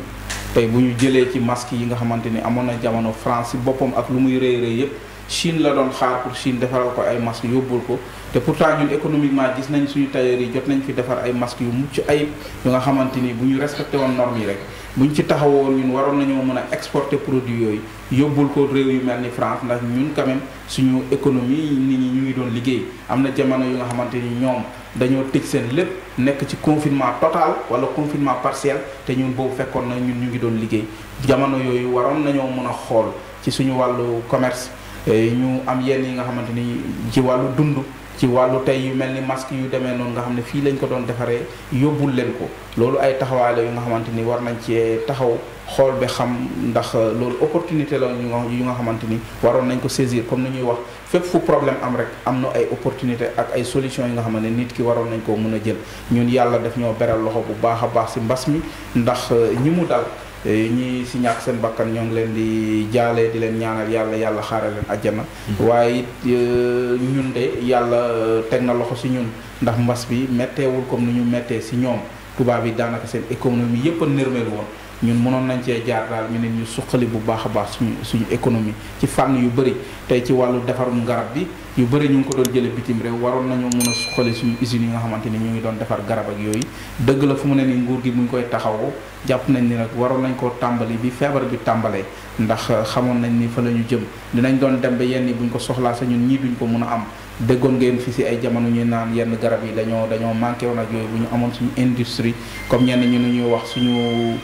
tey bu ñu jëlee ci masque yi nga xamante ni amoon na jamono France si boppam ak lu muy rëy rëy yëpp Chine la doon xaar pour Chine defaral ko ay masques yóbbul ko te pourtant ñun économiquement gis nañ suñu tailleur yi jot nañ fi defar ay masques yu mucc ayib yu nga xamante ni bu ñu respecté woon normes yi rek buñ ci taxawoon ñun waroon nañoo mën a exporter produit yooyu yóbbul ko réew yu mel ni France ndax ñun quand suñu économie nit ñi ñu ngi doon liggéey am na jamono yu nga xamante ni ñoom dañoo tëj seen lépp nekk ci confinement total wala confinement partiel te ñun boobu fekkoon na ñun ñu ngi doon liggéey jamono yooyu waroon nañoo mën a xool ci suñu wàllu commerce eh, ñu am yenn yi nga xamante ni ci wàllu dund ci wàllu tey yu mel ni masque yu demee noonu nga xam ne fii lañ ko doon defaree yóbbul leen ko loolu ay taxawaale yu nga xamante ni war nañ cee taxaw xool ba xam ndax euh, loolu opportunité la yu nga xamante ni waroon nañ ko saisir comme ni ñuy wax fépp fu problème am rek am na ay opportunité ak ay solution yi nga xam ne nit ki waroon nañ koo mën a jël ñun yàlla def ñoo beral loxo bu baax a baax si mbas mi ndax euh, ñi mu dal ñi si ñàkk seen bakkan ñoo ngi leen di jaale di leen ñaanal yàlla yàlla xaaral leen àjjana mm-hmm. waaye it euh, ñun de yàlla euh, teg na loxo si ñun ndax mbas bi metteewul comme nu ñu mettee si ñoom tubaab yi daanaka seen économie yëpp a nërmeel woon ñun mënoon nañ cee jaar daal ñu neen ñu suqali bu baax a baax suñu suñu économie ci fànn yu bëri tey ci wàllu defarum garab bi yu bari ñu ngi ko doon jële bitim rek waroon nañoo mën a suñu usines yi nga xamante ni ñu ngi doon defar garab yooyu dëgg fu mu ni nguur gi mu koy taxawu jàpp nañ ni nag waroon nañ koo tàmbali bi feebar bi tàmbalee ndax euh, xamoon nañ ni fa la ñu jëm dinañ doon dem ba yenn yi buñ ko soxlaa sa ñun ñii duñ ko mën a am dëggoon ngeen fi si ay jamono ñuy naan yenn garab yi dañoo dañoo manqué woon ak yooyu bu ñu amoon suñu industrie comme ñenn ñu ñuy wax suñu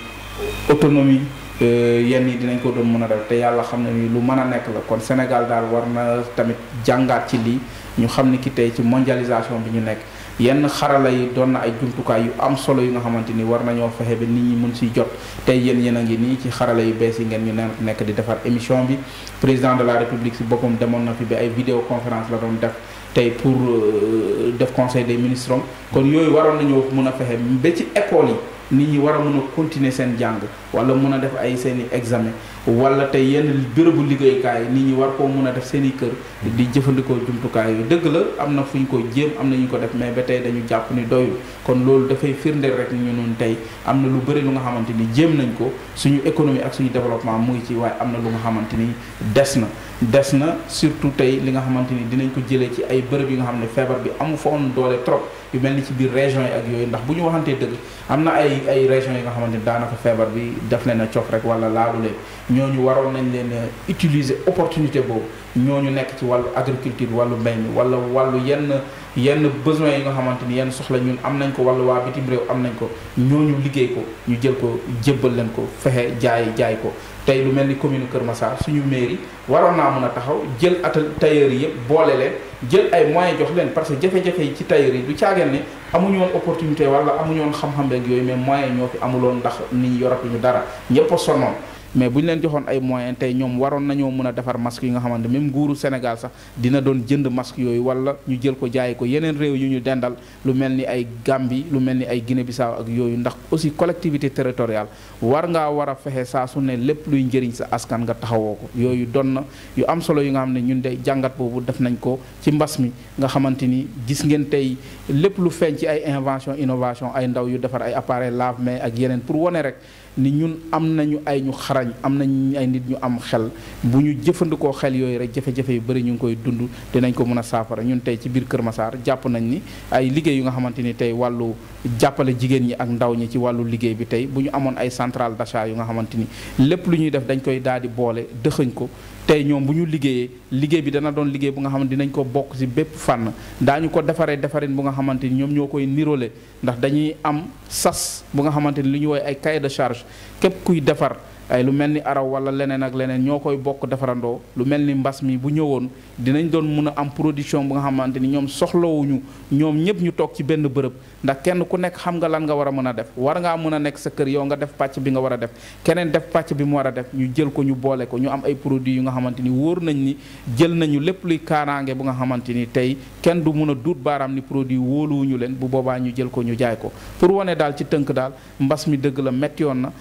autonomie euh, yenn yi dinañ ko doon mën a def te yàlla xam na ni lu mën a nekk la kon Sénégal daal war na tamit jàngaat ci lii ñu xam ni ki tey ci mondialisation bi ñu nekk yenn xarala yi doon na ay jumtukaay yu am solo yu nga xamante ni war nañoo fexe ba nit ñi mun si jot tey yéen yéen a ngi nii ci xarala yu bees yi ngeen ñu nekk di defar émission bi président de la république si boppam demoon na fi bi ay vidéoconférence la doon def tey pour euh, def conseil des ministres kon yooyu waroon nañoo mën a fexe ba ci école yi nit ñi war a mun a continuer seen jàng wala mun a def ay seen i examen wala tey yenn bérébu liggéeykaay nit ñi war koo mun a def seen i kër di jëfandikoo jumtukaay yooyu dëgg la am na fu ñu ko jéem am na ñu ko def mais ba tey dañu jàpp ni doyul kon loolu dafay firndeel rek ñu noonu tey am na lu bëri lu nga xamante ni jéem nañ ko suñu économie ak suñu développement mu ngi ci waaye am na lu nga xamante ni des na des na surtout tey li nga xamante ni dinañ ko jëlee ci ay bërëb yi nga xam ne feebar bi amu fa woon doole trop yu mel ni ci biir région yi ak yooyu ndax bu ñu waxantee dëgg am na ay ay régions yi nga xamante ni daanaka feebar bi def leen a cof rek wala laalu leen ñu waroon nañ leen utiliser opportunité boobu ñoo ñu nekk ci wàllu agriculture wàllu mbay mi wala wàllu yenn yenn besoin yi nga xamante ni yenn soxla ñun am nañ ko wala waa bitim réew am nañ ko ñooñu liggéey ko ñu jël ko jébbal leen ko fexe jaay jaay ko tey lu mel ni commune Kër Massar suñu mairie waroon naa mën a taxaw jël atal tailleur yi yëpp boole leen jël ay moyens jox leen parce que jafe-jafe yi ci tailleur yi du caageen ne amuñu woon opportunité wala amuñu woon xam-xam beeg yooyu mais moyens ñoo fi amuloon ndax nit ñi yoratuñu dara ñëpp a sonnoon mais bu ñu leen joxoon ay moyen tey ñoom waroon nañoo mën a defar masque yi nga xamante même nguuru Sénégal sax dina doon jënd masque yooyu wala ñu jël ko jaay ko yeneen réew yu ñu dendal lu mel ni ay gàmbi lu mel ni ay Guinée-Bissau ak yooyu ndax aussi collectivité territoriale war ngaa war a fexe saa su ne lépp luy njëriñ sa askan nga taxawoo ko yooyu doon na yu am solo yu nga xam ne ñun de jàngat boobu def nañ ko ci mbas mi nga xamante ni gis ngeen tey lépp lu feeñ ci ay invention innovation ay ndaw yu defar ay appareil lave-mains ak yeneen pour wone rek ni ñun am nañu ay ñu xarañ am nañu ay nit ñu am xel bu ñu jëfandikoo xel yooyu rek jafe-jafe yu bari ñu ngi koy dund dinañ ko mën a saafara ñun tey ci biir Kër Massar jàpp nañ ni ay liggéey yu nga xamante ni tey wàllu jàppale jigéen ñi ak ndaw ñi ci wàllu liggéey bi tey bu ñu amoon ay centrale d'achat yu nga xamante ni lépp lu ñuy def dañ koy daal di boole dëxëñ ko tey ñoom bu ñu liggéeyee liggéey bi dana doon liggéey bu nga xamante dinañ ko bokk ci bépp fànn daañu ko defaree defarin bu nga xamante ni ñoom ñoo koy nirole ndax dañuy am sas bu nga xamante ni li ñu woowee ay cahier de charge képp kuy defar ay lu mel ni araw wala leneen ak leneen ñoo koy bokk defarandoo lu mel ni mbas mi bu ñëwoon dinañ doon mun a am production bu nga xamante ni ñoom soxlawuñu ñoom ñëpp ñu toog ci benn bërëb ndax kenn ku nekk xam nga lan nga war a mën a def war ngaa mën a nekk sa kër yow nga def pàcc bi nga war a def keneen def pàcc bi mu war a def ñu jël ko ñu boole ko ñu am ay produits yu nga xamante ni wóor nañ ni jël nañu lépp luy kaanaange bu nga xamante ni tey kenn du mun a duut baaraam ni produit wóoluwuñu leen bu boobaa ñu jël ko ñu jaay ko pour wane daal ci tënk daal mbas mi dëgg la méttiwoon na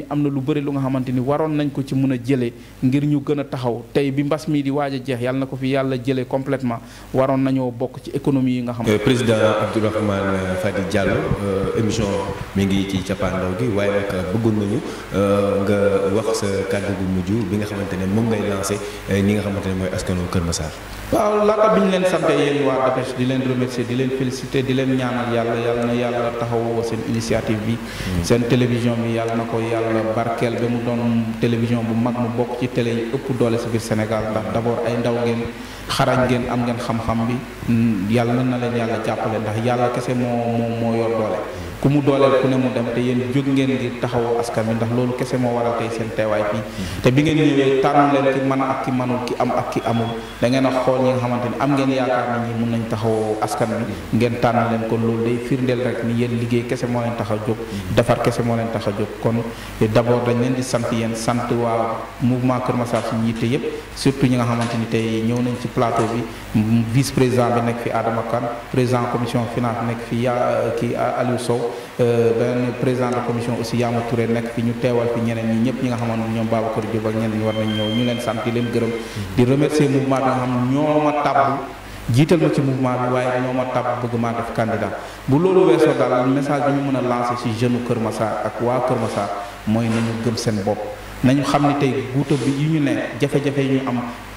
mi am na lu bëri lu nga xamante ni waroon nañ ko ci mun a jëlee ngir ñu gën a taxaw tey bi mbas mii di waaj a jeex yàlla na ko fi yàlla jëlee complètement waroon nañoo bokk ci économie yi nga xam euh, président Abdourahmane Fadi Diallo euh, émission mi ngi ci cappaandaw gi waaye nag nañu euh, nga wax sa kàddu gu mujj bi nga xamante ne moom ngay lancé ñi nga xamante ne mooy askanu Kër Massar waaw laata bi ñu leen sante yéen waa Dépêche leen remercier di leen féliciter di leen ñaanal yàlla yàlla na yàlla taxawoo seen initiative bi mm. seen télévision bi yàlla na ko yàlla yàlla barkeel bi mu doon télévision bu mag mu bokk ci tele yi ëpp doole si biir Sénégal ndax d'abord ay ndaw ngeen xarañ ngeen am ngeen xam-xam bi mm, yàlla na leen yàlla jàppale ndax yàlla kese moo moo moo yor doole ku mu dooleel ku ne mu dem te yéen jóg ngeen ngir taxawoo askan bi ndax loolu kese moo waral tey seen teewaay fii te bi ngeen ñëwee tànn leen ki man ak ki manul ki am ak ki amul da a xool ñi nga xamante ni am ngeen yaakaar ni ñi mun nañ taxawoo askan bi ngeen tànn leen kon loolu day firndeel rek ni yéen liggéey kese moo leen tax a jóg defar kese moo leen tax a jóg kon d'abord dañ leen di sant yéen sant waa mouvement Kër Massar suñu yitte yëpp surtout ñi nga plateau bi vice président bi nekk fi Adama Kane président commission finance nekk fi yaa euh, kii Aliou Sow euh, beneen président de commission aussi Yaama Touré nekk fi ñu teewal fi ñeneen ñi ñëpp ñi nga xamante ne ñoom Babacar Diop ak ñeneen ñi war nañ ñëw ñu leen sant gërëm di remercier mouvement bi nga xam ñoo ma tàbb jiital ma ci mouvement bi waaye ñoo tàbb bëgg maa def candidat bu loolu weesoo daal message bi ñu mën a lancé ci jeune Kër Massar ak waa Kër Massar mooy nañu gëm seen bopp nañu xam ne tey guuta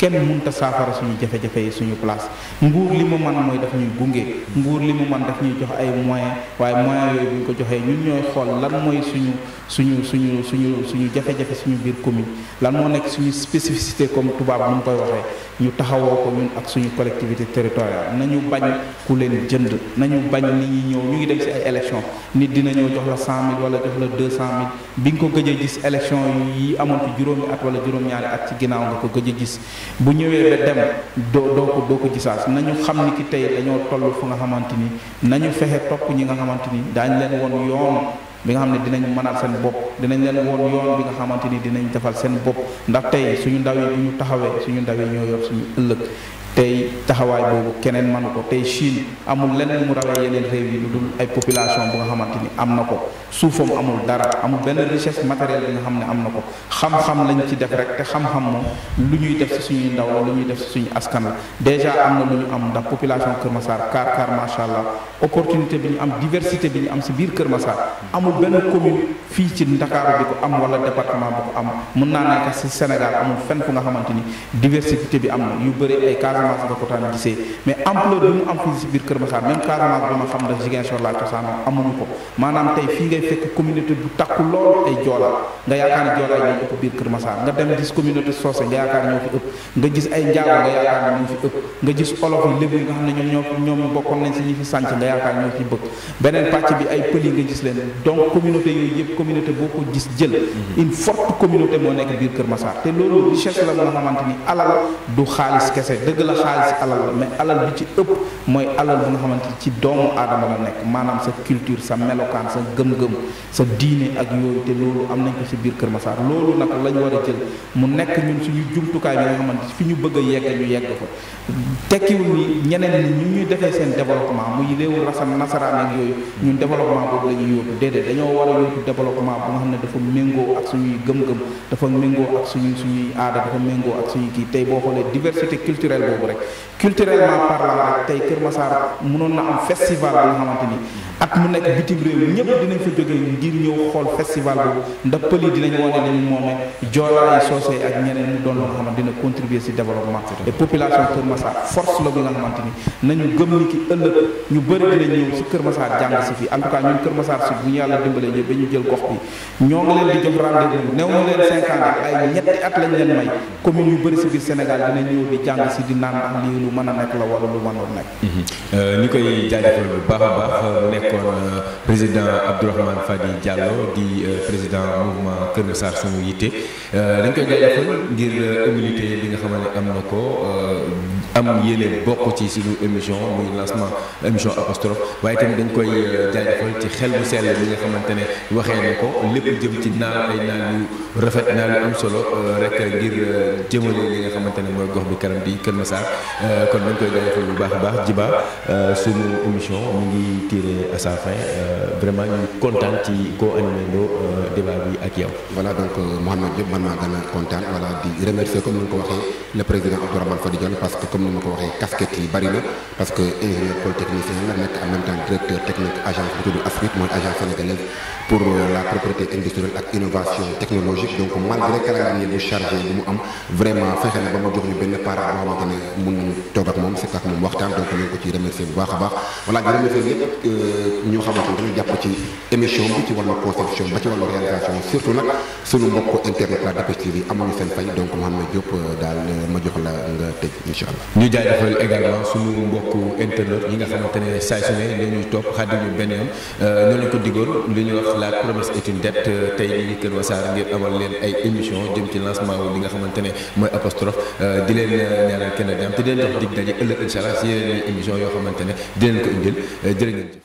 kenn mënta saafara suñu jafe-jafe yi suñu place nguur li mu man mooy def ñuy gunge nguur li mu man daf ñuy jox ay moyen waaye moyens yooyu bu ñu ko joxee ñun ñooy xool lan mooy suñu suñu suñu suñu suñu jafe-jafe suñu biir commune lan moo nekk suñu spécificité comme tubaab bu ñu koy waxee ñu taxawoo ko ñun ak suñu collectivité territoriale nañu bañ ku leen jënd nañu bañ ni ñu ñëw ñu ngi dem ci ay élection nit dina ñëw jox la cent mille wala cent bi nga ko gëj a gis élection yi amoon fi juróomi wala juróom-ñaari at ci ginnaaw nga ko gëj a gis bu ñëwee ba dem doo doo ko doo ko gisaas nañu xam ni ki tey dañoo toll fu nga xamante ni nañu fexe topp ñi nga xamante ni daañ leen woon yoon bi nga xam ne dinañ mënal seen bopp dinañ leen woon yoon bi nga xamante ni dinañ defal seen bopp ndax tey suñu ndaw yi ñu taxawee suñu ndaw yi ñoo yor suñu ëllëg taxaway bobu kenen manu ko tey Chine amul lenen mu rawee yenen rew yi lu dul ay population bu nga xamante ni am amul dara amul ben richesse matérielle bi nga xamné amnako xam-xam lañ ci def rek te xam-xam mom luñuy def ci suñu ndaw luñuy def ci suñu askan déjà amna luñu am ndax population keur Massar kar kaar macha allah opportunité biñu am diversité biñu am ci bir keur Massar amul ben commune fi ci dakar bi ko am wala département bi ko am mën na nek ci Sénégal amul fenn fu nga xamanteni diversité bi amna yu bëri ay Casamance nga ko tànn gisee mais ampleur bi mu am fii si biir Kër Massar même Casamance bi ma xam ndax Ziguinchor laa cosaanoo amuñu ko maanaam tey fii ngay fekk communauté bu takku nga xamante ni alal du xaalis kese dëgg la xaalis alal alal la mais alal bi ci ëpp mooy alal bu nga xamante ci doomu aadama la nekk maanaam sa culture sa melokaan sa gëm-gëm sa diine ak yooyu te loolu am nañ ko ci biir Kër Massar loolu nag lañ war a jël mu nekk ñun suñu jumtukaay bi nga xamante fi ñu bëgg a yegg ñu yegg fa tekkiwul ni ñeneen ñi ñu ñuy defee seen développement muy réewu rasan nasaraan ak yooyu ñun développement boobu la ñuy yóbbu déedéet dañoo war a yóbbu développement bu nga xam ne dafa méngoo ak suñuy gëm-gëm méngoo suñuy suñuy aada méngoo ak kii tey boo xoolee diversité culturelle boobu rek culturellement parlant rek tey Kër Massar mënoon na am festival bi nga xamante at mu nekk bitim réew ñëpp dinañ fa jóge ngir ñëw xool festival boobu ndax pëli dinañ wane ne ñu ñu doon loo xamante dina Kër Massar jàng ci fii en tout Kër Massar ci bu ñu yàlla dimbalee ñu ba jël gox bi ñoo ngi leen di jox rendez-vous néew ma leen cinq ans ay ñetti at lañ leen may commune yu bëri ci biir Sénégal dinañ ñëw di jàng ci di naan lu mën a nekk la wala lu mënoon nekk. Mhm. Euh, ñu koy jaajëfal bu baax a baax mu nekkoon euh, président Abdourahmane Fadi Diallo di euh, président mouvement Kër Massar Sama Yitte dañ koy jaajëfal ngir immunité bi nga xamante ni am na ko. am yéene bokk ci suñu émission muy lancement émission apostrophe waaye tamit dañ koy euh, jaajëfal ci xel bu sell bi nga xamante ne waxee na ko lépp jëm ci naal ay naal yu rafet naal yu am solo euh, rek ngir euh, jëmale li nga xamante ne mooy gox bi karam bi Kër Massar kon dañ koy jaajëfal bu baax a baax jiba suñu émission mu ngi tiré à sa fin vraiment ñu content ci koo animé loo débat bi ak yow. voilà donc Mouhamed Diop man maa gën a kontaan voilà di remercier comme ni nga ko waxee le président Abdourahmane Fadi Dione parce que comme ni ma ko waxee casquette yi bari na parce que ingénieur eh, polytechnicien la nekk en même temps directeur technique agence bu tudd Afrique mooy agence sénégalaise pour euh, la propriété industrielle et innovation technologique donc malgré calendrier bu chargé bi mu am vraiment fexé na bama ma jox ñu benn parent boo xamante ne mun nañu ak mom c'est ak mom waxtan donc ñu ko ci remercier bu baaxa baax wala di remercier ñëpp euh, ñu xamante ne dañu jàpp ci émission bi ci wala conception ba ci wala réalisation surtout nak suñu mbokk internet la DAPS TV amuñu seen fay donc Mouhamed Diop euh, dal ma jox la nga tëj incha ñu jaajëfal également suñu mbokk internet yi nga xamante ne saa su ne la ñuy topp xaddi ñu benn yoon euh, noonu ko digoon li ñuy wax la promesse est une dette euh, tey ñu ngi ngir amal leen ay émission jëm ci lancement wu nga xamante ne mooy apostrophe euh, di leen ñaanal kenn dem te di leen dox daje ëllëg incha allah si émission yoo xamante ne di leen ko indil jërë